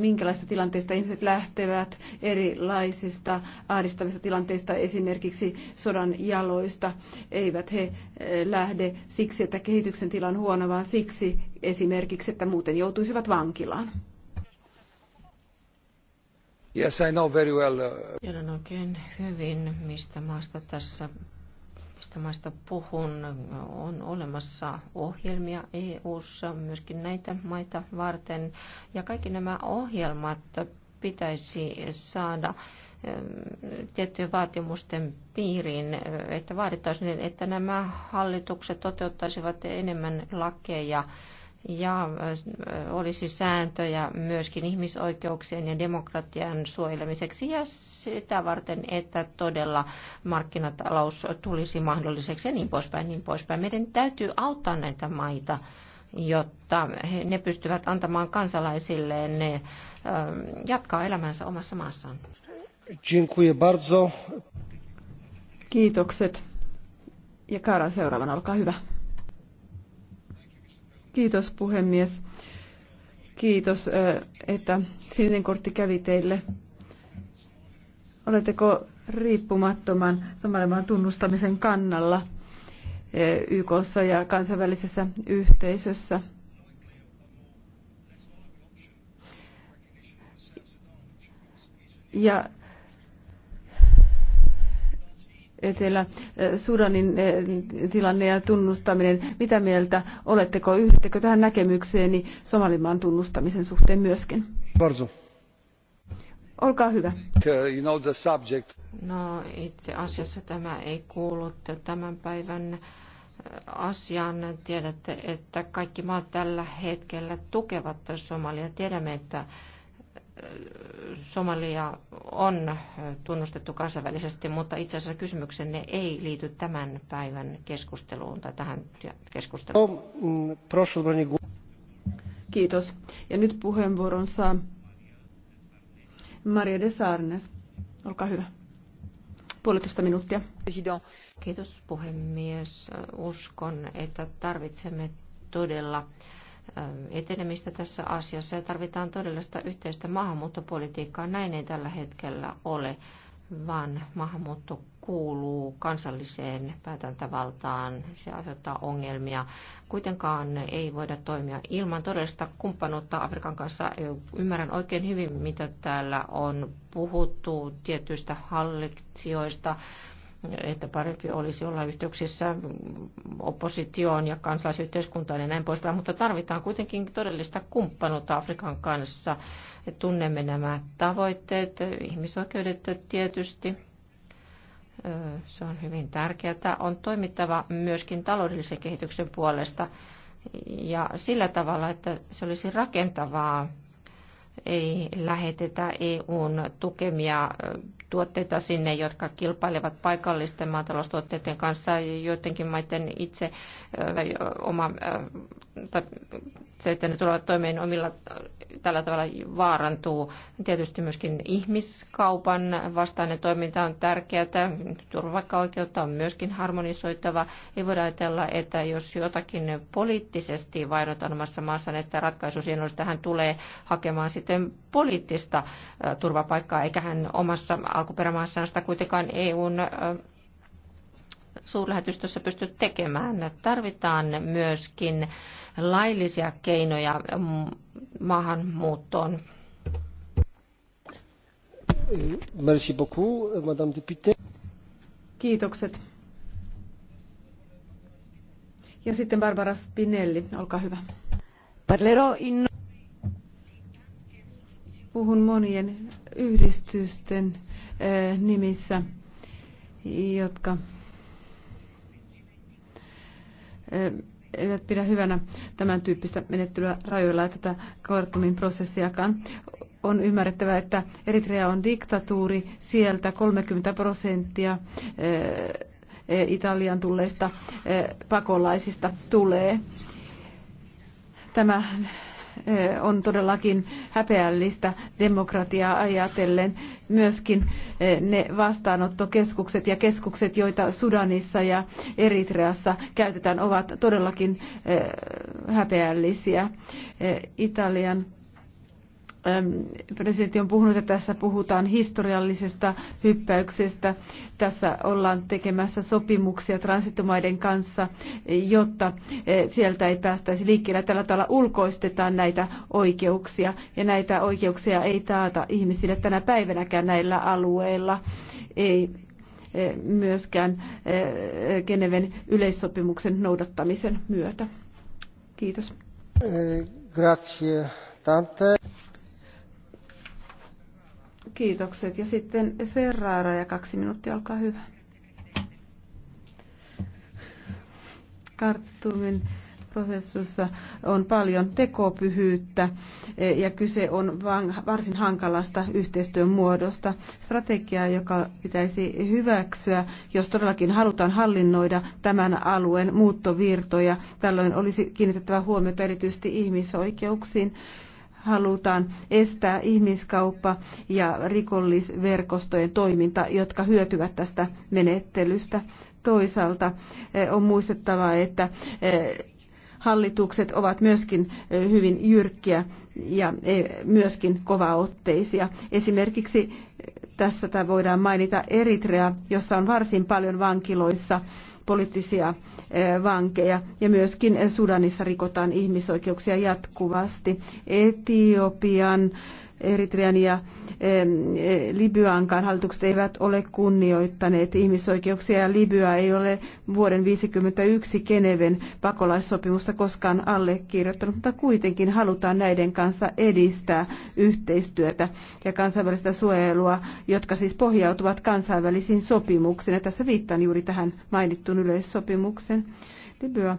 minkälaista tilanteista ihmiset lähtevät, erilaisista ahdistavista tilanteista, esimerkiksi sodan jaloista. Eivät he eh, lähde siksi, että kehityksen tila on huono, vaan siksi esimerkiksi, että muuten joutuisivat vankilaan. Yes, I know very well. Uh, Tiedän oikein hyvin, mistä maasta tässä mistä maista puhun, on olemassa ohjelmia EU-ssa myöskin näitä maita varten. Ja kaikki nämä ohjelmat pitäisi saada eh, tiettyjen vaatimusten piiriin, eh, että vaadittaisiin, että nämä hallitukset toteuttaisivat enemmän lakeja ja olisi sääntöjä myöskin ihmisoikeuksien ja demokratian suojelemiseksi ja sitä varten, että todella markkinatalous tulisi mahdolliseksi ja niin poispäin, niin poispäin. Meidän täytyy auttaa näitä maita, jotta ne pystyvät antamaan kansalaisilleen ne, jatkaa elämänsä omassa maassaan. Kiitokset. Ja Kaara seuraavana, olkaa hyvä. Kiitos puhemies. Kiitos, että sininen kortti kävi teille. Oletteko riippumattoman somalimaan tunnustamisen kannalla YKssa ja kansainvälisessä yhteisössä? Ja Etelä-Sudanin eh, tilanne ja tunnustaminen. Mitä mieltä oletteko? Yhdyttekö tähän näkemykseeni Somalimaan tunnustamisen suhteen myöskin? Barzo. Olkaa hyvä. You know the subject. No itse asiassa tämä ei kuulu tämän päivän eh, asiaan. Tiedätte, että kaikki maat tällä hetkellä tukevat Somalia. Tiedämme, että Somalia on tunnustettu kansainvälisesti, mutta itse asiassa kysymyksenne ei liity tämän päivän keskusteluun tai tähän keskusteluun. Kiitos. Ja nyt puheenvuoron saa Maria de Sarnes. Olkaa hyvä. Puolitoista minuuttia. Kiitos puhemies. Uskon, että tarvitsemme todella etenemistä tässä asiassa ja tarvitaan todellista yhteistä maahanmuuttopolitiikkaa. Näin ei tällä hetkellä ole, vaan maahanmuutto kuuluu kansalliseen päätäntävaltaan, se aiheuttaa ongelmia. Kuitenkaan ei voida toimia ilman todellista kumppanuutta Afrikan kanssa. Ymmärrän oikein hyvin, mitä täällä on puhuttu tietyistä hallitsijoista, että parempi olisi olla yhteyksissä oppositioon ja kansalaisyhteiskuntaan ja näin poispäin, mutta tarvitaan kuitenkin todellista kumppanuutta Afrikan kanssa. Tunnemme nämä tavoitteet, ihmisoikeudet tietysti, se on hyvin tärkeää. On toimittava myöskin taloudellisen kehityksen puolesta ja sillä tavalla, että se olisi rakentavaa ei lähetetä EUn tukemia tuotteita sinne, jotka kilpailevat paikallisten maataloustuotteiden kanssa. Joidenkin maiden itse oma, tai se, että ne tulevat toimeen omilla tällä tavalla vaarantuu. Tietysti myöskin ihmiskaupan vastainen toiminta on tärkeää. Turvapaikkaoikeutta on myöskin harmonisoitava. Ei voida ajatella, että jos jotakin poliittisesti vainotaan omassa maassa, että ratkaisu siihen olisi tähän tulee hakemaan sitä sitten poliittista äh, turvapaikkaa, eikä hän omassa alkuperämaassaan sitä kuitenkaan EUn äh, suurlähetystössä pysty tekemään. Tarvitaan myöskin laillisia keinoja mm, maahanmuuttoon. Merci beaucoup, Madame Depite. Kiitokset. Ja sitten Barbara Spinelli, olkaa hyvä. Parlero in puhun monien yhdistysten nimissä, jotka eivät pidä hyvänä tämän tyyppistä menettelyä rajoilla ja tätä Khartoumin prosessiakaan. On ymmärrettävä, että Eritrea on diktatuuri, sieltä 30 prosenttia e, Italian tulleista pakolaisista tulee. Tämä Eh, on todellakin häpeällistä demokratiaa ajatellen. Myöskin eh, ne vastaanottokeskukset ja keskukset, joita Sudanissa ja Eritreassa käytetään, ovat todellakin eh, häpeällisiä. Italian presidentti on puhunut, että tässä puhutaan historiallisesta hyppäyksestä. Tässä ollaan tekemässä sopimuksia transitomaiden kanssa, jotta sieltä ei päästäisi liikkeelle. Tällä tavalla ulkoistetaan näitä oikeuksia ja näitä oikeuksia ei taata ihmisille tänä päivänäkään näillä alueilla. Ei myöskään Geneven yleissopimuksen noudattamisen myötä. Kiitos. Grazie tante. Kiitokset. Ja sitten Ferrara ja kaksi minuuttia, olkaa hyvä. Karttumin prosessissa on paljon tekopyhyyttä eh, ja kyse on varsin hankalasta yhteistyön muodosta. Strategiaa, joka pitäisi hyväksyä, jos todellakin halutaan hallinnoida tämän alueen muuttovirtoja. Tällöin olisi kiinnitettävä huomiota erityisesti ihmisoikeuksiin halutaan estää ihmiskauppa ja rikollisverkostojen toiminta, jotka hyötyvät tästä menettelystä. Toisaalta eh, on muistettava, että eh, hallitukset ovat myöskin eh, hyvin jyrkkiä ja myöskin kovaotteisia. Esimerkiksi tässä voidaan mainita Eritrea, jossa on varsin paljon vankiloissa poliittisia eh, vankeja ja myöskin Sudanissa rikotaan ihmisoikeuksia jatkuvasti. Etiopian Eritrean ja e, Libyankaan hallitukset eivät ole kunnioittaneet ihmisoikeuksia ja Libya ei ole vuoden 1951 Geneven pakolaissopimusta koskaan allekirjoittanut, mutta kuitenkin halutaan näiden kanssa edistää yhteistyötä ja kansainvälistä suojelua, jotka siis pohjautuvat kansainvälisiin sopimuksiin. Ja tässä viittaan juuri tähän mainittuun yleissopimukseen. Libya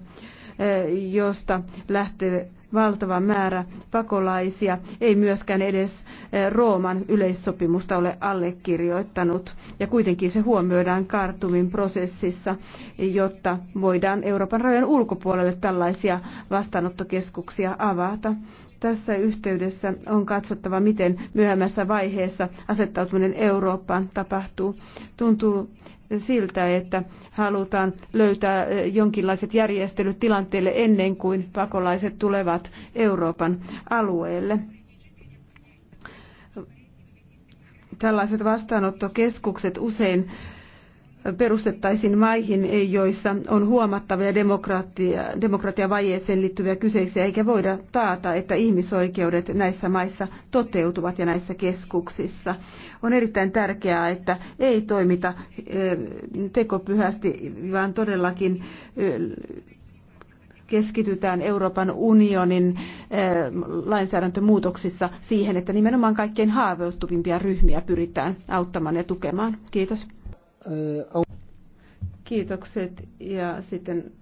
josta lähtee valtava määrä pakolaisia, ei myöskään edes eh, Rooman yleissopimusta ole allekirjoittanut. Ja kuitenkin se huomioidaan kartumin prosessissa, jotta voidaan Euroopan rajojen ulkopuolelle tällaisia vastaanottokeskuksia avata. Tässä yhteydessä on katsottava, miten myöhemmässä vaiheessa asettautuminen Eurooppaan tapahtuu. Tuntuu, siltä, että halutaan löytää eh, jonkinlaiset järjestelyt tilanteelle ennen kuin pakolaiset tulevat Euroopan alueelle. Tällaiset vastaanottokeskukset usein perustettaisiin maihin, joissa on huomattavia demokratia, demokratiavajeeseen liittyviä kyseisiä, eikä voida taata, että ihmisoikeudet näissä maissa toteutuvat ja näissä keskuksissa. On erittäin tärkeää, että ei toimita eh, tekopyhästi, vaan todellakin eh, keskitytään Euroopan unionin eh, lainsäädäntömuutoksissa siihen, että nimenomaan kaikkein haavoittuvimpia ryhmiä pyritään auttamaan ja tukemaan. Kiitos. Kiitokset ja sitten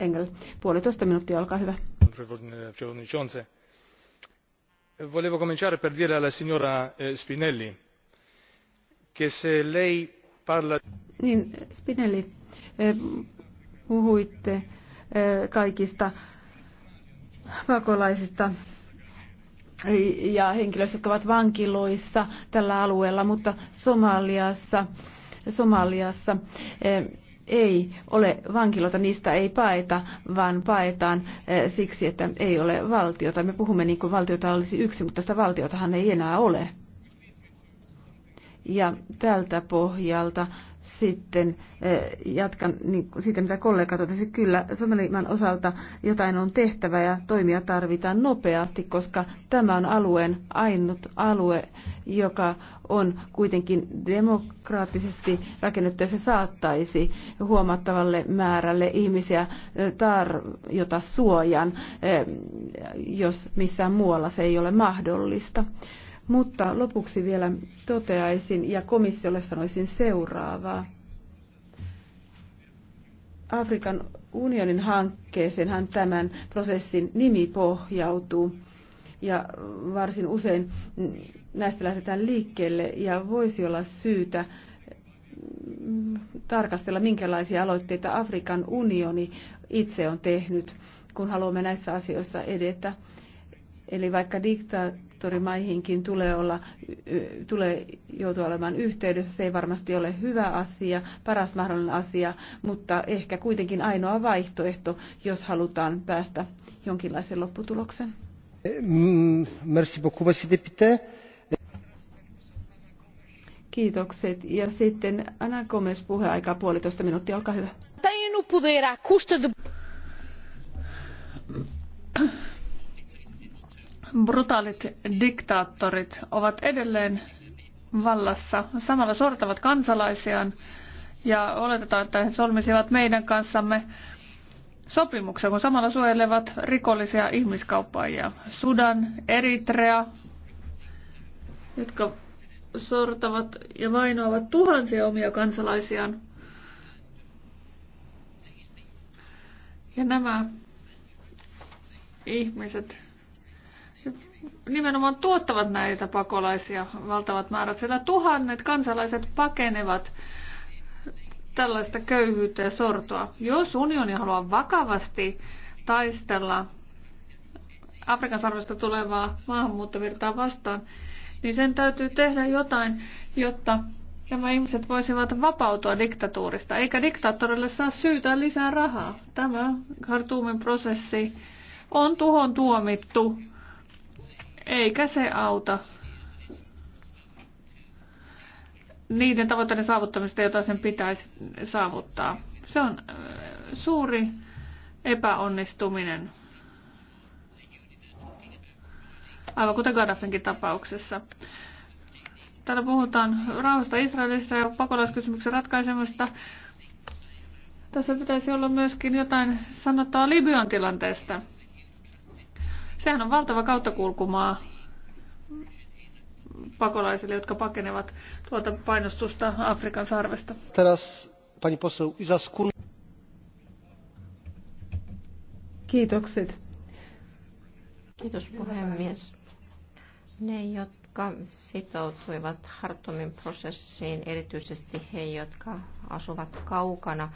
Engel, puolitoista minuuttia, olkaa hyvä. Volevo cominciare per dire alla signora eh, Spinelli che se lei parla... Niin, Spinelli, eh, puhuitte eh, kaikista pakolaisista ja henkilöistä, jotka ovat vankiloissa tällä alueella, mutta Somaliassa Somaliassa e, ei ole vankiloita, niistä ei paeta, vaan paetaan e, siksi, että ei ole valtiota. Me puhumme niin kuin valtiota olisi yksi, mutta sitä valtiotahan ei enää ole. Ja tältä pohjalta sitten eh, jatkan niin, siitä, mitä kollega totesi. Kyllä Somaliman osalta jotain on tehtävä ja toimia tarvitaan nopeasti, koska tämä on alueen ainut alue, joka on kuitenkin demokraattisesti rakennettu ja se saattaisi huomattavalle määrälle ihmisiä eh, tarjota suojan, eh, jos missään muualla se ei ole mahdollista. Mutta lopuksi vielä toteaisin ja komissiolle sanoisin seuraavaa. Afrikan unionin hankkeeseenhan tämän prosessin nimi pohjautuu ja varsin usein näistä lähdetään liikkeelle ja voisi olla syytä tarkastella, minkälaisia aloitteita Afrikan unioni itse on tehnyt, kun haluamme näissä asioissa edetä. Eli vaikka dikta- diktaattorimaihinkin tulee, olla, tulee joutua olemaan yhteydessä. Se ei varmasti ole hyvä asia, paras mahdollinen asia, mutta ehkä kuitenkin ainoa vaihtoehto, jos halutaan päästä jonkinlaisen lopputulokseen. Eh, mm, merci beaucoup, Kiitokset. Ja sitten Anna Gomez puheaikaa puolitoista minuuttia, olkaa hyvä brutaalit diktaattorit ovat edelleen vallassa. Samalla sortavat kansalaisiaan ja oletetaan, että he solmisivat meidän kanssamme sopimuksen, kun samalla suojelevat rikollisia ihmiskauppaajia. Sudan, Eritrea, jotka sortavat ja vainoavat tuhansia omia kansalaisiaan. Ja nämä ihmiset nimenomaan tuottavat näitä pakolaisia valtavat määrät, sillä tuhannet kansalaiset pakenevat tällaista köyhyyttä ja sortoa. Jos unioni haluaa vakavasti taistella Afrikan sarvesta tulevaa maahanmuuttovirtaa vastaan, niin sen täytyy tehdä jotain, jotta nämä ihmiset voisivat vapautua diktatuurista, eikä diktaattorille saa syytää lisää rahaa. Tämä Khartoumin prosessi on tuhon tuomittu eikä se auta niiden tavoitteiden saavuttamista, jota sen pitäisi saavuttaa. Se on suuri epäonnistuminen. Aivan kuten Gaddafinkin tapauksessa. Täällä puhutaan rauhasta Israelissa ja pakolaiskysymyksen ratkaisemista. Tässä pitäisi olla myöskin jotain sanottaa Libyan tilanteesta. Sehän on valtava kauttakulkumaa pakolaisille, jotka pakenevat tuota painostusta Afrikan sarvesta. Teraz pani poseł Izaskun. Kiitokset. Kiitos puhemies. Ne, jotka sitoutuivat Hartumin prosessiin, erityisesti he, jotka asuvat kaukana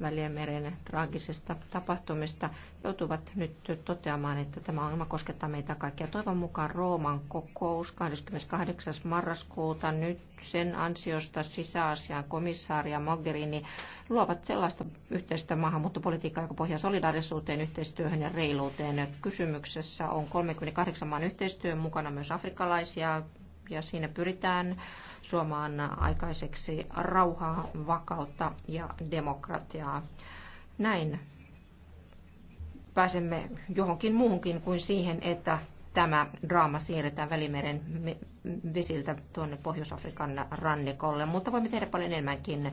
Välimeren traagisista tapahtumista, joutuvat nyt toteamaan, että tämä ongelma koskettaa meitä kaikkia. Toivon mukaan Rooman kokous 28. marraskuuta nyt sen ansiosta sisäasian komissaari ja Mogherini luovat sellaista yhteistä maahanmuuttopolitiikkaa, joka pohjaa solidaarisuuteen, yhteistyöhön ja reiluuteen. Kysymyksessä on 38 maan yhteistyön mukana myös afrikkalaisia ja siinä pyritään suomaan aikaiseksi rauhaa, vakautta ja demokratiaa. Näin pääsemme johonkin muuhunkin kuin siihen, että tämä draama siirretään Välimeren vesiltä tuonne Pohjois-Afrikan rannikolle, mutta voimme tehdä paljon enemmänkin.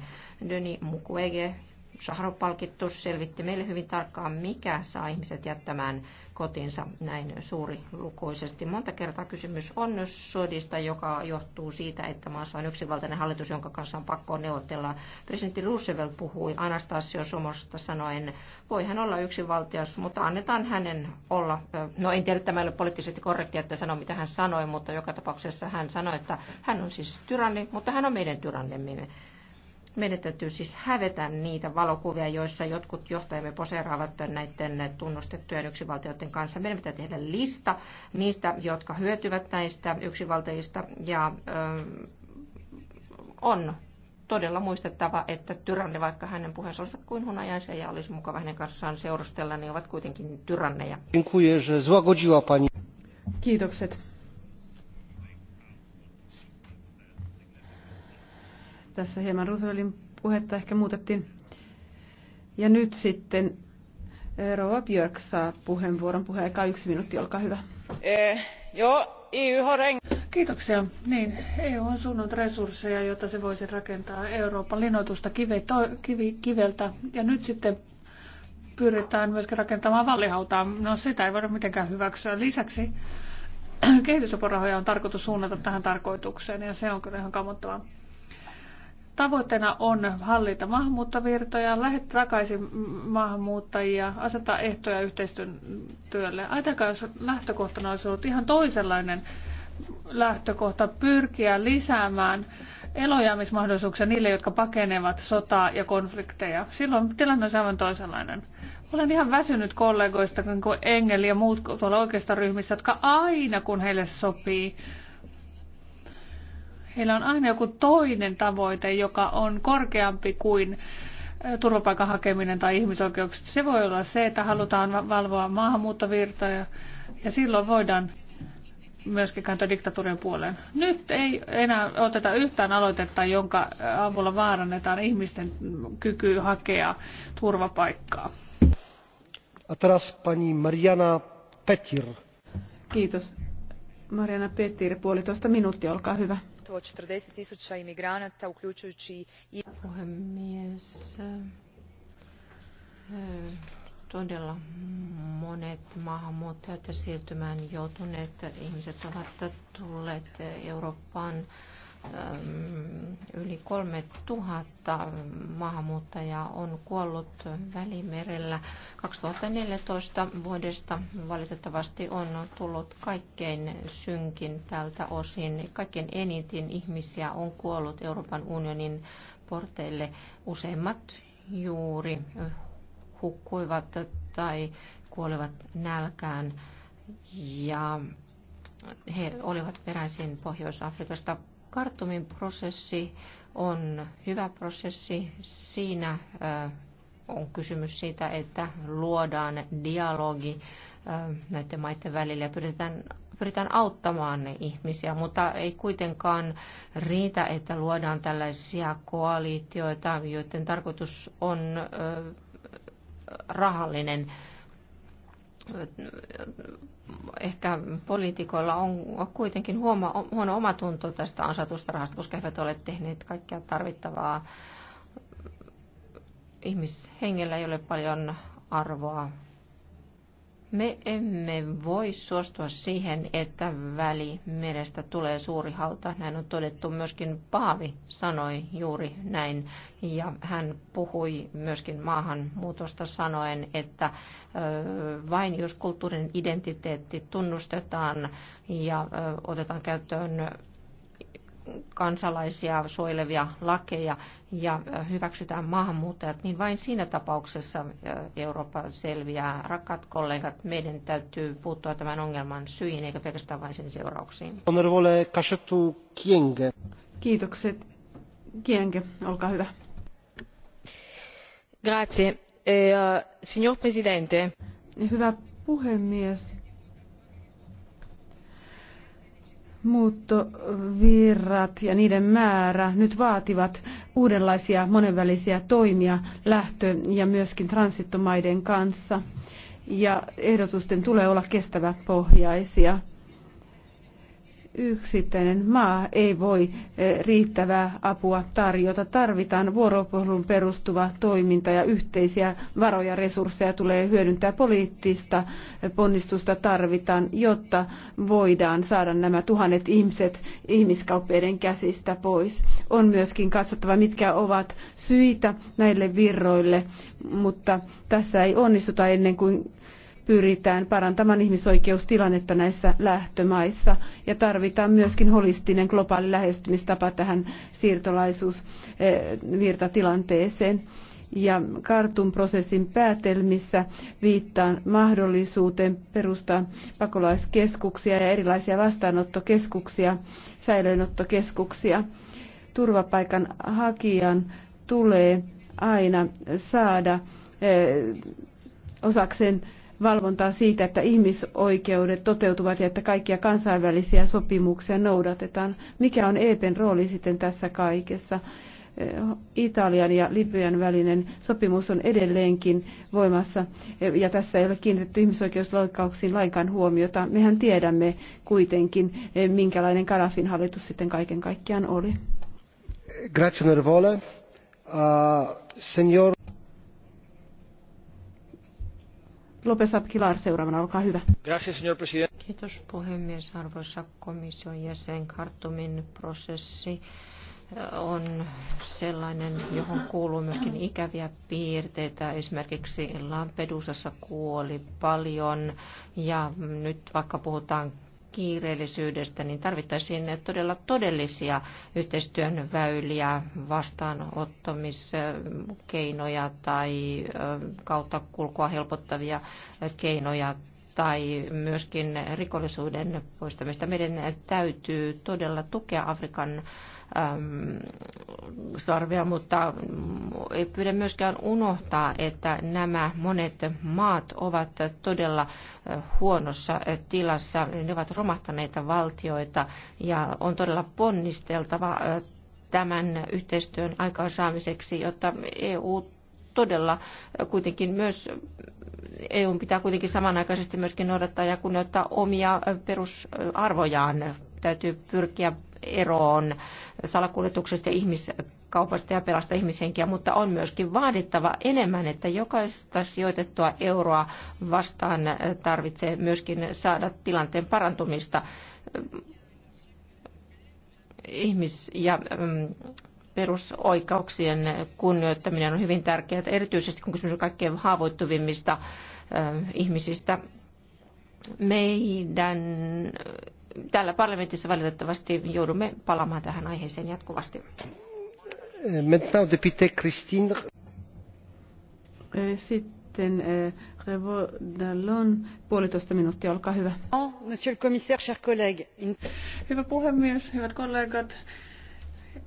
Döni Mukwege, saharo palkittu selvitti meille hyvin tarkkaan, mikä saa ihmiset jättämään kotinsa näin suurilukuisesti. Monta kertaa kysymys on sodista, joka johtuu siitä, että maassa on yksivaltainen hallitus, jonka kanssa on pakko neuvotella. Presidentti Roosevelt puhui Anastasio Somosta sanoen, voi hän olla yksivaltias, mutta annetaan hänen olla. No en tiedä, tämä ei ole poliittisesti korrektia, että sanoo mitä hän sanoi, mutta joka tapauksessa hän sanoi, että hän on siis tyranni, mutta hän on meidän tyrannimme meidän täytyy siis hävetä niitä valokuvia, joissa jotkut johtajamme poseeraavat näiden tunnustettujen yksivaltioiden kanssa. Meidän pitää tehdä lista niistä, jotka hyötyvät näistä yksivaltajista ja ö, on todella muistettava, että tyranne, vaikka hänen puheensa olisi kuin hunajaisen ja olisi mukava hänen kanssaan seurustella, niin ovat kuitenkin tyranneja. Kiitokset. Tässä hieman Rooseveltin puhetta ehkä muutettiin. Ja nyt sitten eh, Rova Björk saa puheenvuoron. puheen yksi minuutti, olkaa hyvä. Eh, joo, EU har Kiitoksia. Niin, EU on suunnut resursseja, jotta se voisi rakentaa Euroopan linoitusta kiveltä. Ja nyt sitten pyritään myöskin rakentamaan vallihautaa. No sitä ei voida mitenkään hyväksyä. Lisäksi *clears throat* kehitysoporahoja on tarkoitus suunnata tähän tarkoitukseen ja se on kyllä ihan kamottavaa. Tavoitteena on hallita maahanmuuttovirtoja, lähettää takaisin maahanmuuttajia, asettaa ehtoja yhteistyölle. Ajatelkaa, jos lähtökohtana olisi ollut ihan toisenlainen lähtökohta pyrkiä lisäämään elojaamismahdollisuuksia niille, jotka pakenevat sotaa ja konflikteja. Silloin tilanne on aivan toisenlainen. Olen ihan väsynyt kollegoista, niin kuin Engel ja muut tuolla oikeista ryhmissä, jotka aina kun heille sopii, Heillä on aina joku toinen tavoite, joka on korkeampi kuin turvapaikan hakeminen tai ihmisoikeukset. Se voi olla se, että halutaan valvoa maahanmuuttovirtoja ja silloin voidaan myöskin kääntyä diktatuurin puoleen. Nyt ei enää oteta yhtään aloitetta, jonka avulla vaarannetaan ihmisten kyky hakea turvapaikkaa. Atras pani Mariana Petir. Kiitos. Mariana Petir, puolitoista minuuttia, olkaa hyvä gotovo forty tisua imigranata ukljuujui i puhemies eh, todella monet maahanmuuttajat ja siirtymään joutuneet ihmiset ovat tulleet Eurooppaan yli 3000 maahanmuuttajaa on kuollut Välimerellä. 2014 vuodesta valitettavasti on tullut kaikkein synkin tältä osin. Kaikkein eniten ihmisiä on kuollut Euroopan unionin porteille. Useimmat juuri hukkuivat tai kuolivat nälkään ja he olivat peräisin Pohjois-Afrikasta Kartumin prosessi on hyvä prosessi. Siinä on kysymys siitä, että luodaan dialogi näiden maiden välillä ja pyritään pyritään auttamaan ne ihmisiä, mutta ei kuitenkaan riitä, että luodaan tällaisia koalitioita, joiden tarkoitus on rahallinen ehkä poliitikoilla on kuitenkin huoma, huono omatunto tästä ansaitusta rahasta, koska he eivät ole tehneet kaikkea tarvittavaa. Ihmishengellä ei ole paljon arvoa me emme voi suostua siihen, että välimerestä tulee suuri hauta. Näin on todettu myöskin Paavi sanoi juuri näin. Ja hän puhui myöskin maahanmuutosta sanoen, että vain jos kulttuurin identiteetti tunnustetaan ja otetaan käyttöön kansalaisia suojelevia lakeja ja hyväksytään maahanmuuttajat, niin vain siinä tapauksessa Eurooppa selviää. Rakkaat kollegat, meidän täytyy puuttua tämän ongelman syihin eikä pelkästään vain sen seurauksiin. Kienge. Kiitokset. Kienge, olkaa hyvä. Grazie. Eh, signor Presidente. Hyvä puhemies. muuttovirrat ja niiden määrä nyt vaativat uudenlaisia monenvälisiä toimia lähtö- ja myöskin transittomaiden kanssa. Ja ehdotusten tulee olla kestäväpohjaisia yksittäinen maa ei voi eh, riittävää apua tarjota. Tarvitaan vuoropuhelun perustuva toiminta ja yhteisiä varoja, resursseja tulee hyödyntää. Poliittista eh, ponnistusta tarvitaan, jotta voidaan saada nämä tuhannet ihmiset ihmiskauppiaiden käsistä pois. On myöskin katsottava, mitkä ovat syitä näille virroille, mutta tässä ei onnistuta ennen kuin pyritään parantamaan ihmisoikeustilannetta näissä lähtömaissa ja tarvitaan myöskin holistinen globaali lähestymistapa tähän siirtolaisuusvirtatilanteeseen. Ja Kartun prosessin päätelmissä viittaan mahdollisuuteen perustaa pakolaiskeskuksia ja erilaisia vastaanottokeskuksia, säilöönottokeskuksia. Turvapaikan hakijan tulee aina saada eh, osakseen valvontaa siitä, että ihmisoikeudet toteutuvat ja että kaikkia kansainvälisiä sopimuksia noudatetaan. Mikä on EPn rooli sitten tässä kaikessa? Italian ja Libyan välinen sopimus on edelleenkin voimassa ja tässä ei ole kiinnitetty ihmisoikeusloukkauksiin lainkaan huomiota. Mehän tiedämme kuitenkin, minkälainen Kadafin hallitus sitten kaiken kaikkiaan oli. Grazie, Uh, Lopes Abkilar seuraavana, olkaa hyvä. Gracias, señor presidente. Kiitos puhemies, arvoisa komission jäsen. Kartumin prosessi eh, on sellainen, johon kuuluu myöskin ikäviä piirteitä. Esimerkiksi Lampedusassa kuoli paljon ja nyt vaikka puhutaan kiireellisyydestä, niin tarvittaisiin todella todellisia yhteistyön väyliä, vastaanottamiskeinoja tai kautta kulkua helpottavia keinoja tai myöskin rikollisuuden poistamista. Meidän täytyy todella tukea Afrikan Ähm, sarvia, mutta ei pidä myöskään unohtaa, että nämä monet maat ovat todella äh, huonossa äh, tilassa. Ne ovat romahtaneita valtioita ja on todella ponnisteltava äh, tämän yhteistyön aikaansaamiseksi, jotta EU todella kuitenkin myös EU pitää kuitenkin samanaikaisesti myöskin noudattaa ja kunnioittaa omia perusarvojaan. Täytyy pyrkiä eroon salakuljetuksesta ja ihmiskaupasta ja pelasta ihmishenkiä, mutta on myöskin vaadittava enemmän, että jokaista sijoitettua euroa vastaan tarvitsee myöskin saada tilanteen parantumista ihmis- ja mm, perusoikeuksien kunnioittaminen on hyvin tärkeää, erityisesti kun kysymys on kaikkein haavoittuvimmista ihmisistä. Meidän täällä parlamentissa valitettavasti joudumme palaamaan tähän aiheeseen jatkuvasti. Maintenant député Christine. Eh, sitten eh, Revo Dallon, puolitoista minuuttia, olkaa hyvä. Monsieur le commissaire, chers collègues. Hyvä puhemies, hyvät kollegat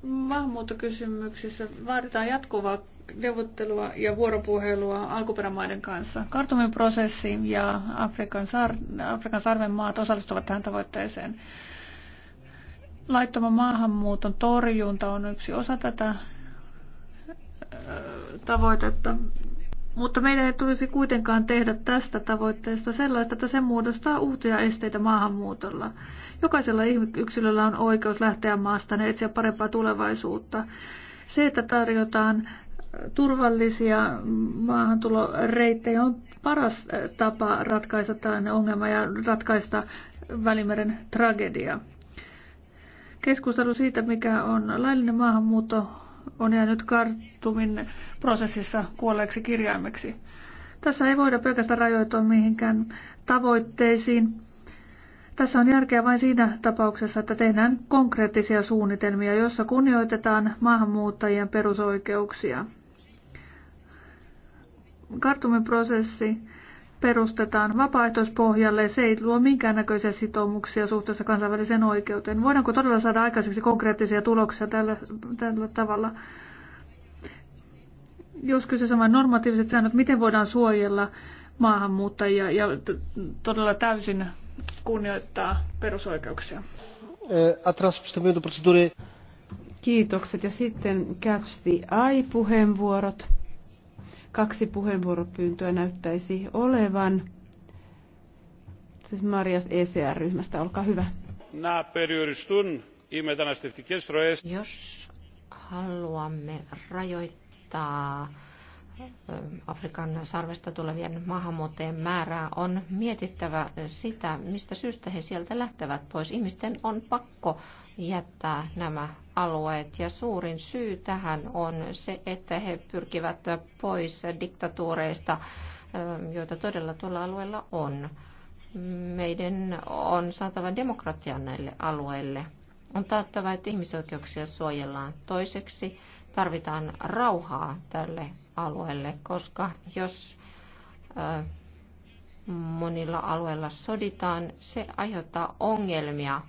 maahanmuuttokysymyksissä vaaditaan jatkuvaa neuvottelua ja vuoropuhelua alkuperämaiden kanssa. Kartumin prosessi ja Afrikan, sar- Afrikan sarven maat osallistuvat tähän tavoitteeseen. Laittoman maahanmuuton torjunta on yksi osa tätä tavoitetta. Mutta meidän ei tulisi kuitenkaan tehdä tästä tavoitteesta sellaista, että se muodostaa uutia esteitä maahanmuutolla. Jokaisella yksilöllä on oikeus lähteä maasta ja etsiä parempaa tulevaisuutta. Se, että tarjotaan äh, turvallisia mm, maahantuloreittejä on paras äh, tapa ratkaista tällainen ongelma ja ratkaista Välimeren tragedia. Keskustelu siitä, mikä on laillinen maahanmuutto, on jäänyt kartumin prosessissa kuolleeksi kirjaimeksi. Tässä ei voida pelkästään rajoitua mihinkään tavoitteisiin. Tässä on järkeä vain siinä tapauksessa, että tehdään konkreettisia suunnitelmia, joissa kunnioitetaan maahanmuuttajien perusoikeuksia. Kartumin prosessi perustetaan vapaaehtoispohjalle. Se ei luo minkäännäköisiä sitoumuksia suhteessa kansainväliseen oikeuteen. Voidaanko todella saada aikaiseksi konkreettisia tuloksia tällä, tällä tavalla? Jos kyseessä vain normatiiviset säännöt, miten voidaan suojella maahanmuuttajia ja todella täysin kunnioittaa perusoikeuksia? Äh, Kiitokset. Ja sitten Catch the Eye-puheenvuorot. Kaksi puheenvuoropyyntöä näyttäisi olevan. Siis Marias ECR-ryhmästä, olkaa hyvä. Jos haluamme rajoittaa Afrikan sarvesta tulevien maahanmuuttajien määrää, on mietittävä sitä, mistä syystä he sieltä lähtevät pois. Ihmisten on pakko jättää nämä alueet. Ja suurin syy tähän on se, että he pyrkivät pois diktatuureista, ähm, joita todella tuolla alueella on. Meidän on saatava demokratia näille alueille. On taattava, että ihmisoikeuksia suojellaan. Toiseksi tarvitaan rauhaa tälle alueelle, koska jos äh, monilla alueilla soditaan, se aiheuttaa ongelmia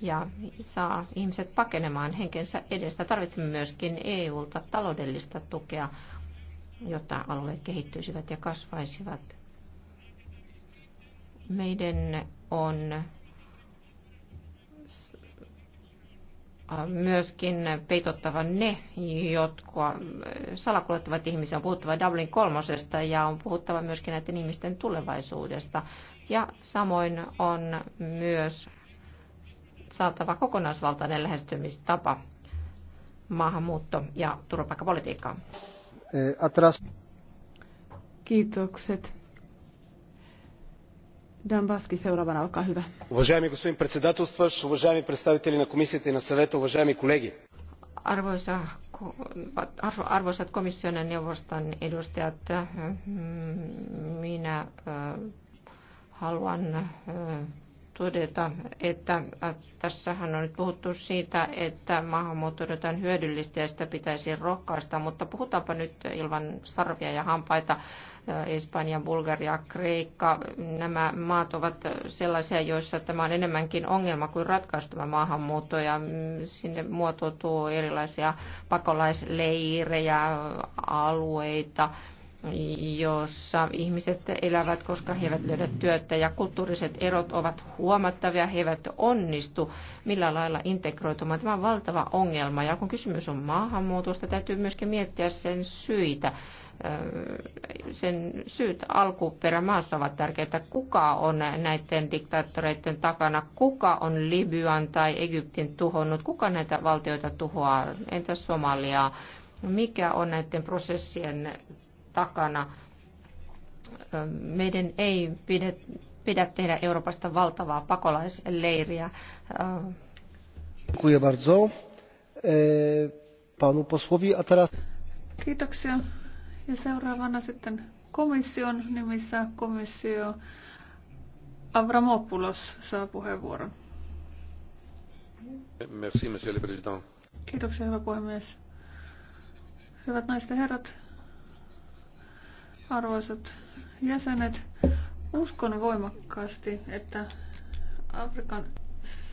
ja saa ihmiset pakenemaan henkensä edestä. Tarvitsemme myöskin EUlta taloudellista tukea, jotta alueet kehittyisivät ja kasvaisivat. Meidän on myöskin peitottava ne, jotka salakuljettavat ihmisiä. On puhuttava Dublin kolmosesta ja on puhuttava myöskin näiden ihmisten tulevaisuudesta. Ja samoin on myös saatava kokonaisvaltainen lähestymistapa maahanmuutto- ja turvapaikkapolitiikkaan. Atras. Kiitokset. Дамбаски seuraavana, olkaa hyvä. Уважаеми господин председателстващ, уважаеми представители на комисията и на съвета, уважаеми колеги. Arvoisa, arvoisat komission ja neuvoston edustajat, hm, hm, minä haluan todeta, että äh, tässähän on nyt puhuttu siitä, että maahanmuutto on hyödyllistä ja sitä pitäisi rohkaista, mutta puhutaanpa nyt ilman sarvia ja hampaita. Äh, Espanja, Bulgaria, Kreikka, nämä maat ovat sellaisia, joissa tämä on enemmänkin ongelma kuin ratkaistava maahanmuutto ja mm, sinne muotoutuu erilaisia pakolaisleirejä, alueita, jossa ihmiset elävät, koska he eivät löydä työtä ja kulttuuriset erot ovat huomattavia, he eivät onnistu millä lailla integroitumaan. Tämä on valtava ongelma ja kun kysymys on maahanmuutosta, täytyy myöskin miettiä sen syitä sen syyt alkuperämaassa ovat tärkeitä. Kuka on näiden diktaattoreiden takana? Kuka on Libyan tai Egyptin tuhonnut? Kuka näitä valtioita tuhoaa? Entäs Somaliaa? Mikä on näiden prosessien takana. Meidän ei pidä, pidä tehdä Euroopasta valtavaa pakolaisleiriä. Dziękuję bardzo e, panu posłowi, a teraz... Kiitoksia. Ja seuraavana sitten komission nimissä komissio Avramopoulos saa puheenvuoron. Merci, monsieur le président. Kiitoksia, hyvä puhemies. Hyvät naiset ja herrat, Arvoisat jäsenet, uskon voimakkaasti, että Afrikan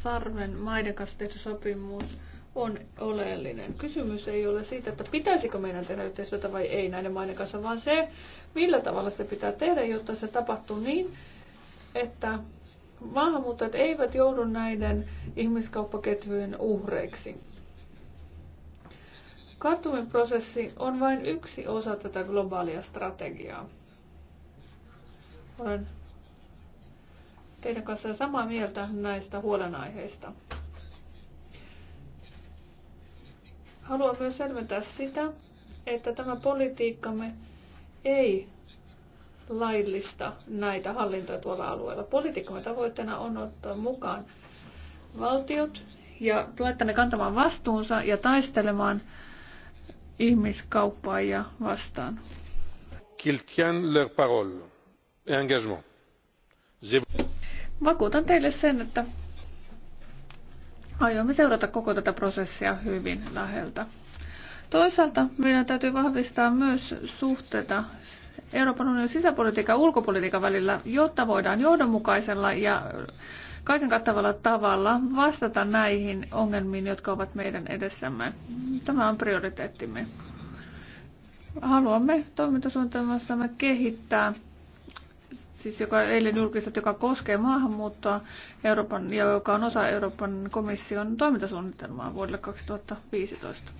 sarven maiden kanssa tehty sopimus on oleellinen. Kysymys ei ole siitä, että pitäisikö meidän tehdä yhteistyötä vai ei näiden maiden kanssa, vaan se, millä tavalla se pitää tehdä, jotta se tapahtuu niin, että maahanmuuttajat eivät joudu näiden ihmiskauppaketjujen uhreiksi. Kartumin prosessi on vain yksi osa tätä globaalia strategiaa. Olen teidän kanssa samaa mieltä näistä huolenaiheista. Haluan myös selventää sitä, että tämä politiikkamme ei laillista näitä hallintoja tuolla alueella. Politiikkamme tavoitteena on ottaa mukaan valtiot ja laittaa ne kantamaan vastuunsa ja taistelemaan ihmiskauppaa ja vastaan. Vakuutan teille sen, että aiomme seurata koko tätä prosessia hyvin läheltä. Toisaalta meidän täytyy vahvistaa myös suhteita Euroopan unionin sisäpolitiikan ja ulkopolitiikan välillä, jotta voidaan johdonmukaisella ja kaiken kattavalla tavalla vastata näihin ongelmiin, jotka ovat meidän edessämme. Tämä on prioriteettimme. Haluamme toimintasuunnitelmassamme kehittää siis joka eilen julkistettu, joka koskee maahanmuuttoa Euroopan, ja joka on osa Euroopan komission toimintasuunnitelmaa vuodelle 2015.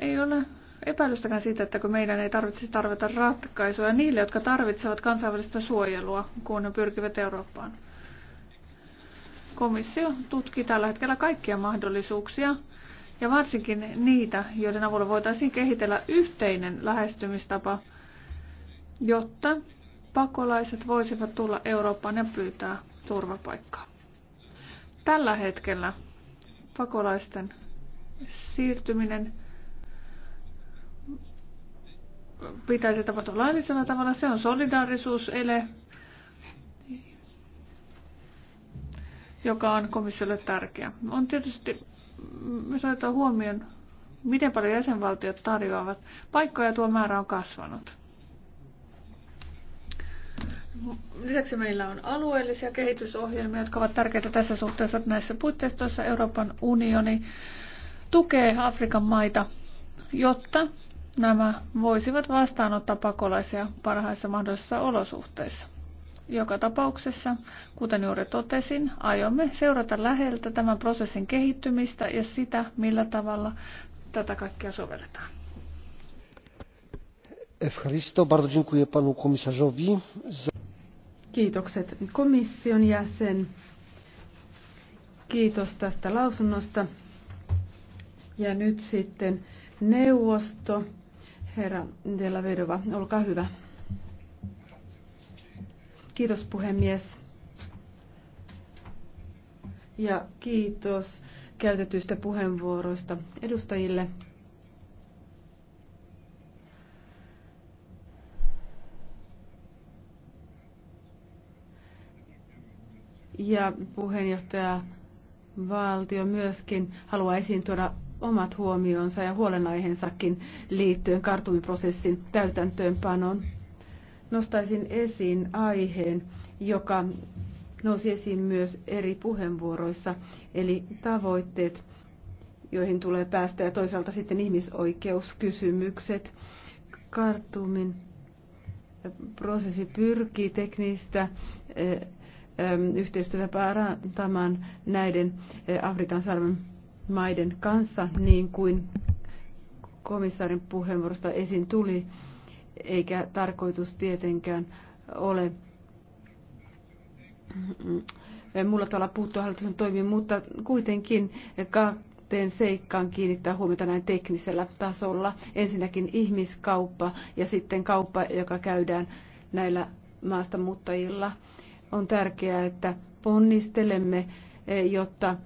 Ei ole epäilystäkään siitä, että kun meidän ei tarvitsisi tarvita ratkaisuja niille, jotka tarvitsevat kansainvälistä suojelua, kun ne pyrkivät Eurooppaan. Komissio tutkii tällä hetkellä kaikkia mahdollisuuksia ja varsinkin niitä, joiden avulla voitaisiin kehitellä yhteinen lähestymistapa, jotta pakolaiset voisivat tulla Eurooppaan ja pyytää turvapaikkaa. Tällä hetkellä pakolaisten siirtyminen pitäisi tapahtua laillisella tavalla. Se on solidaarisuusele joka on komissiolle tärkeä. On tietysti myös otetaan huomioon, miten paljon jäsenvaltiot tarjoavat. Paikkoja tuo määrä on kasvanut. Lisäksi meillä on alueellisia kehitysohjelmia, jotka ovat tärkeitä tässä suhteessa näissä puitteissa Euroopan unioni tukee Afrikan maita, jotta nämä voisivat vastaanottaa pakolaisia parhaissa mahdollisissa olosuhteissa. Joka tapauksessa, kuten juuri totesin, aiomme seurata läheltä tämän prosessin kehittymistä ja sitä, millä tavalla tätä kaikkea sovelletaan. Kiitokset komission jäsen. Kiitos tästä lausunnosta. Ja nyt sitten neuvosto. Herra Della Vedova, olkaa hyvä. Kiitos puhemies. Ja kiitos käytetyistä puheenvuoroista edustajille. Ja puheenjohtaja valtio myöskin haluaa esiin tuoda omat huomionsa ja huolenaiheensakin liittyen kartumiprosessin täytäntöönpanoon nostaisin esiin aiheen, joka nousi esiin myös eri puheenvuoroissa, eli tavoitteet, joihin tulee päästä, ja toisaalta sitten ihmisoikeuskysymykset. Kartumin prosessi pyrkii teknistä eh, eh, yhteistyötä parantamaan näiden eh, Afrikan sarven maiden kanssa, niin kuin komissaarin puheenvuorosta esiin tuli eikä tarkoitus tietenkään ole mm, mulla tavalla puuttua hallituksen toimiin, mutta kuitenkin kahteen seikkaan kiinnittää huomiota näin teknisellä tasolla. Ensinnäkin ihmiskauppa ja sitten kauppa, joka käydään näillä maastamuuttajilla. On tärkeää, että ponnistelemme, eh, jotta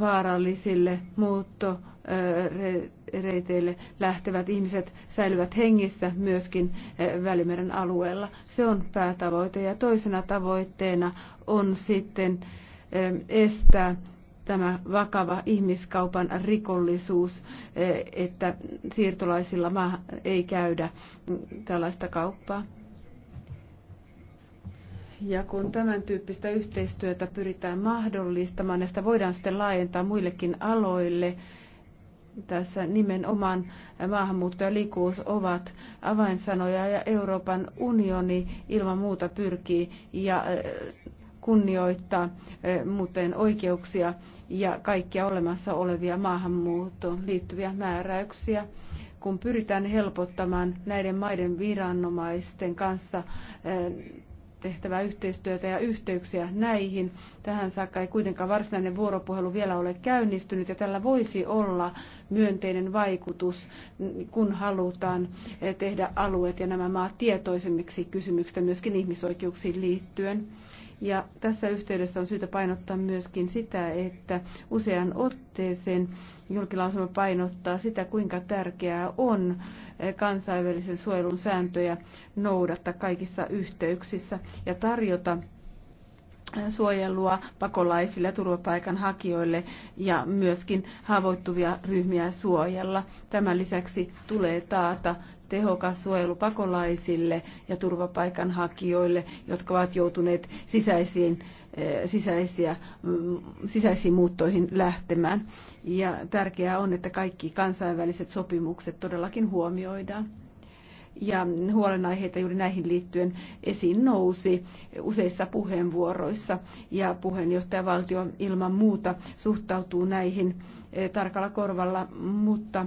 vaarallisille muutto reiteille lähtevät ihmiset säilyvät hengissä myöskin Välimeren alueella. Se on päätavoite ja toisena tavoitteena on sitten estää tämä vakava ihmiskaupan rikollisuus, että siirtolaisilla ei käydä mm, tällaista kauppaa. Ja kun tämän tyyppistä yhteistyötä pyritään mahdollistamaan, ja sitä voidaan sitten laajentaa muillekin aloille, tässä nimenomaan maahanmuutto ja liikkuvuus ovat avainsanoja ja Euroopan unioni ilman muuta pyrkii ja e, kunnioittaa e, muuten oikeuksia ja kaikkia olemassa olevia maahanmuuttoon liittyviä määräyksiä. Kun pyritään helpottamaan näiden maiden viranomaisten kanssa e, tehtävää yhteistyötä ja yhteyksiä näihin. Tähän saakka ei kuitenkaan varsinainen vuoropuhelu vielä ole käynnistynyt ja tällä voisi olla myönteinen vaikutus, kun halutaan tehdä alueet ja nämä maat tietoisemmiksi kysymyksistä myöskin ihmisoikeuksiin liittyen. Ja tässä yhteydessä on syytä painottaa myöskin sitä, että usean otteeseen julkilausuma painottaa sitä, kuinka tärkeää on eh, kansainvälisen suojelun sääntöjä noudattaa kaikissa yhteyksissä ja tarjota eh, suojelua pakolaisille ja turvapaikanhakijoille ja myöskin haavoittuvia ryhmiä suojella. Tämän lisäksi tulee taata tehokas suojelu pakolaisille ja turvapaikanhakijoille, jotka ovat joutuneet sisäisiin, eh, sisäisiä, mm, sisäisiin muuttoihin lähtemään. Ja tärkeää on, että kaikki kansainväliset sopimukset todellakin huomioidaan ja huolenaiheita juuri näihin liittyen esiin nousi useissa puheenvuoroissa ja puheenjohtajavaltio ilman muuta suhtautuu näihin eh, tarkalla korvalla, mutta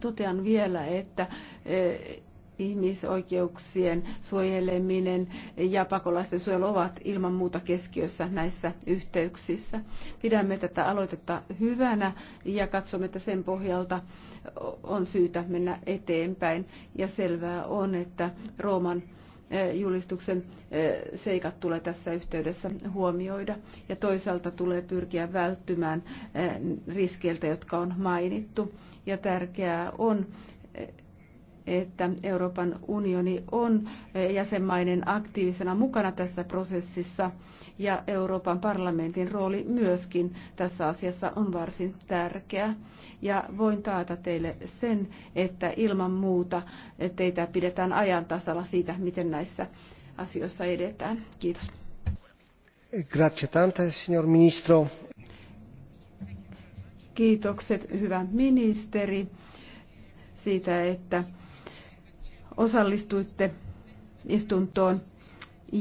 Totean vielä, että e, ihmisoikeuksien suojeleminen ja pakolaisten suojelu ovat ilman muuta keskiössä näissä yhteyksissä. Pidämme tätä aloitetta hyvänä ja katsomme, että sen pohjalta on syytä mennä eteenpäin. Ja selvää on, että Rooman e, julistuksen e, seikat tulee tässä yhteydessä huomioida ja toisaalta tulee pyrkiä välttymään riskeiltä, jotka on mainittu ja tärkeää on, että Euroopan unioni on jäsenmaiden aktiivisena mukana tässä prosessissa ja Euroopan parlamentin rooli myöskin tässä asiassa on varsin tärkeä. Ja voin taata teille sen, että ilman muuta teitä pidetään ajan tasalla siitä, miten näissä asioissa edetään. Kiitos. Grazie tante, signor ministro. Kiitokset, hyvä ministeri, siitä, että osallistuitte istuntoon. Ja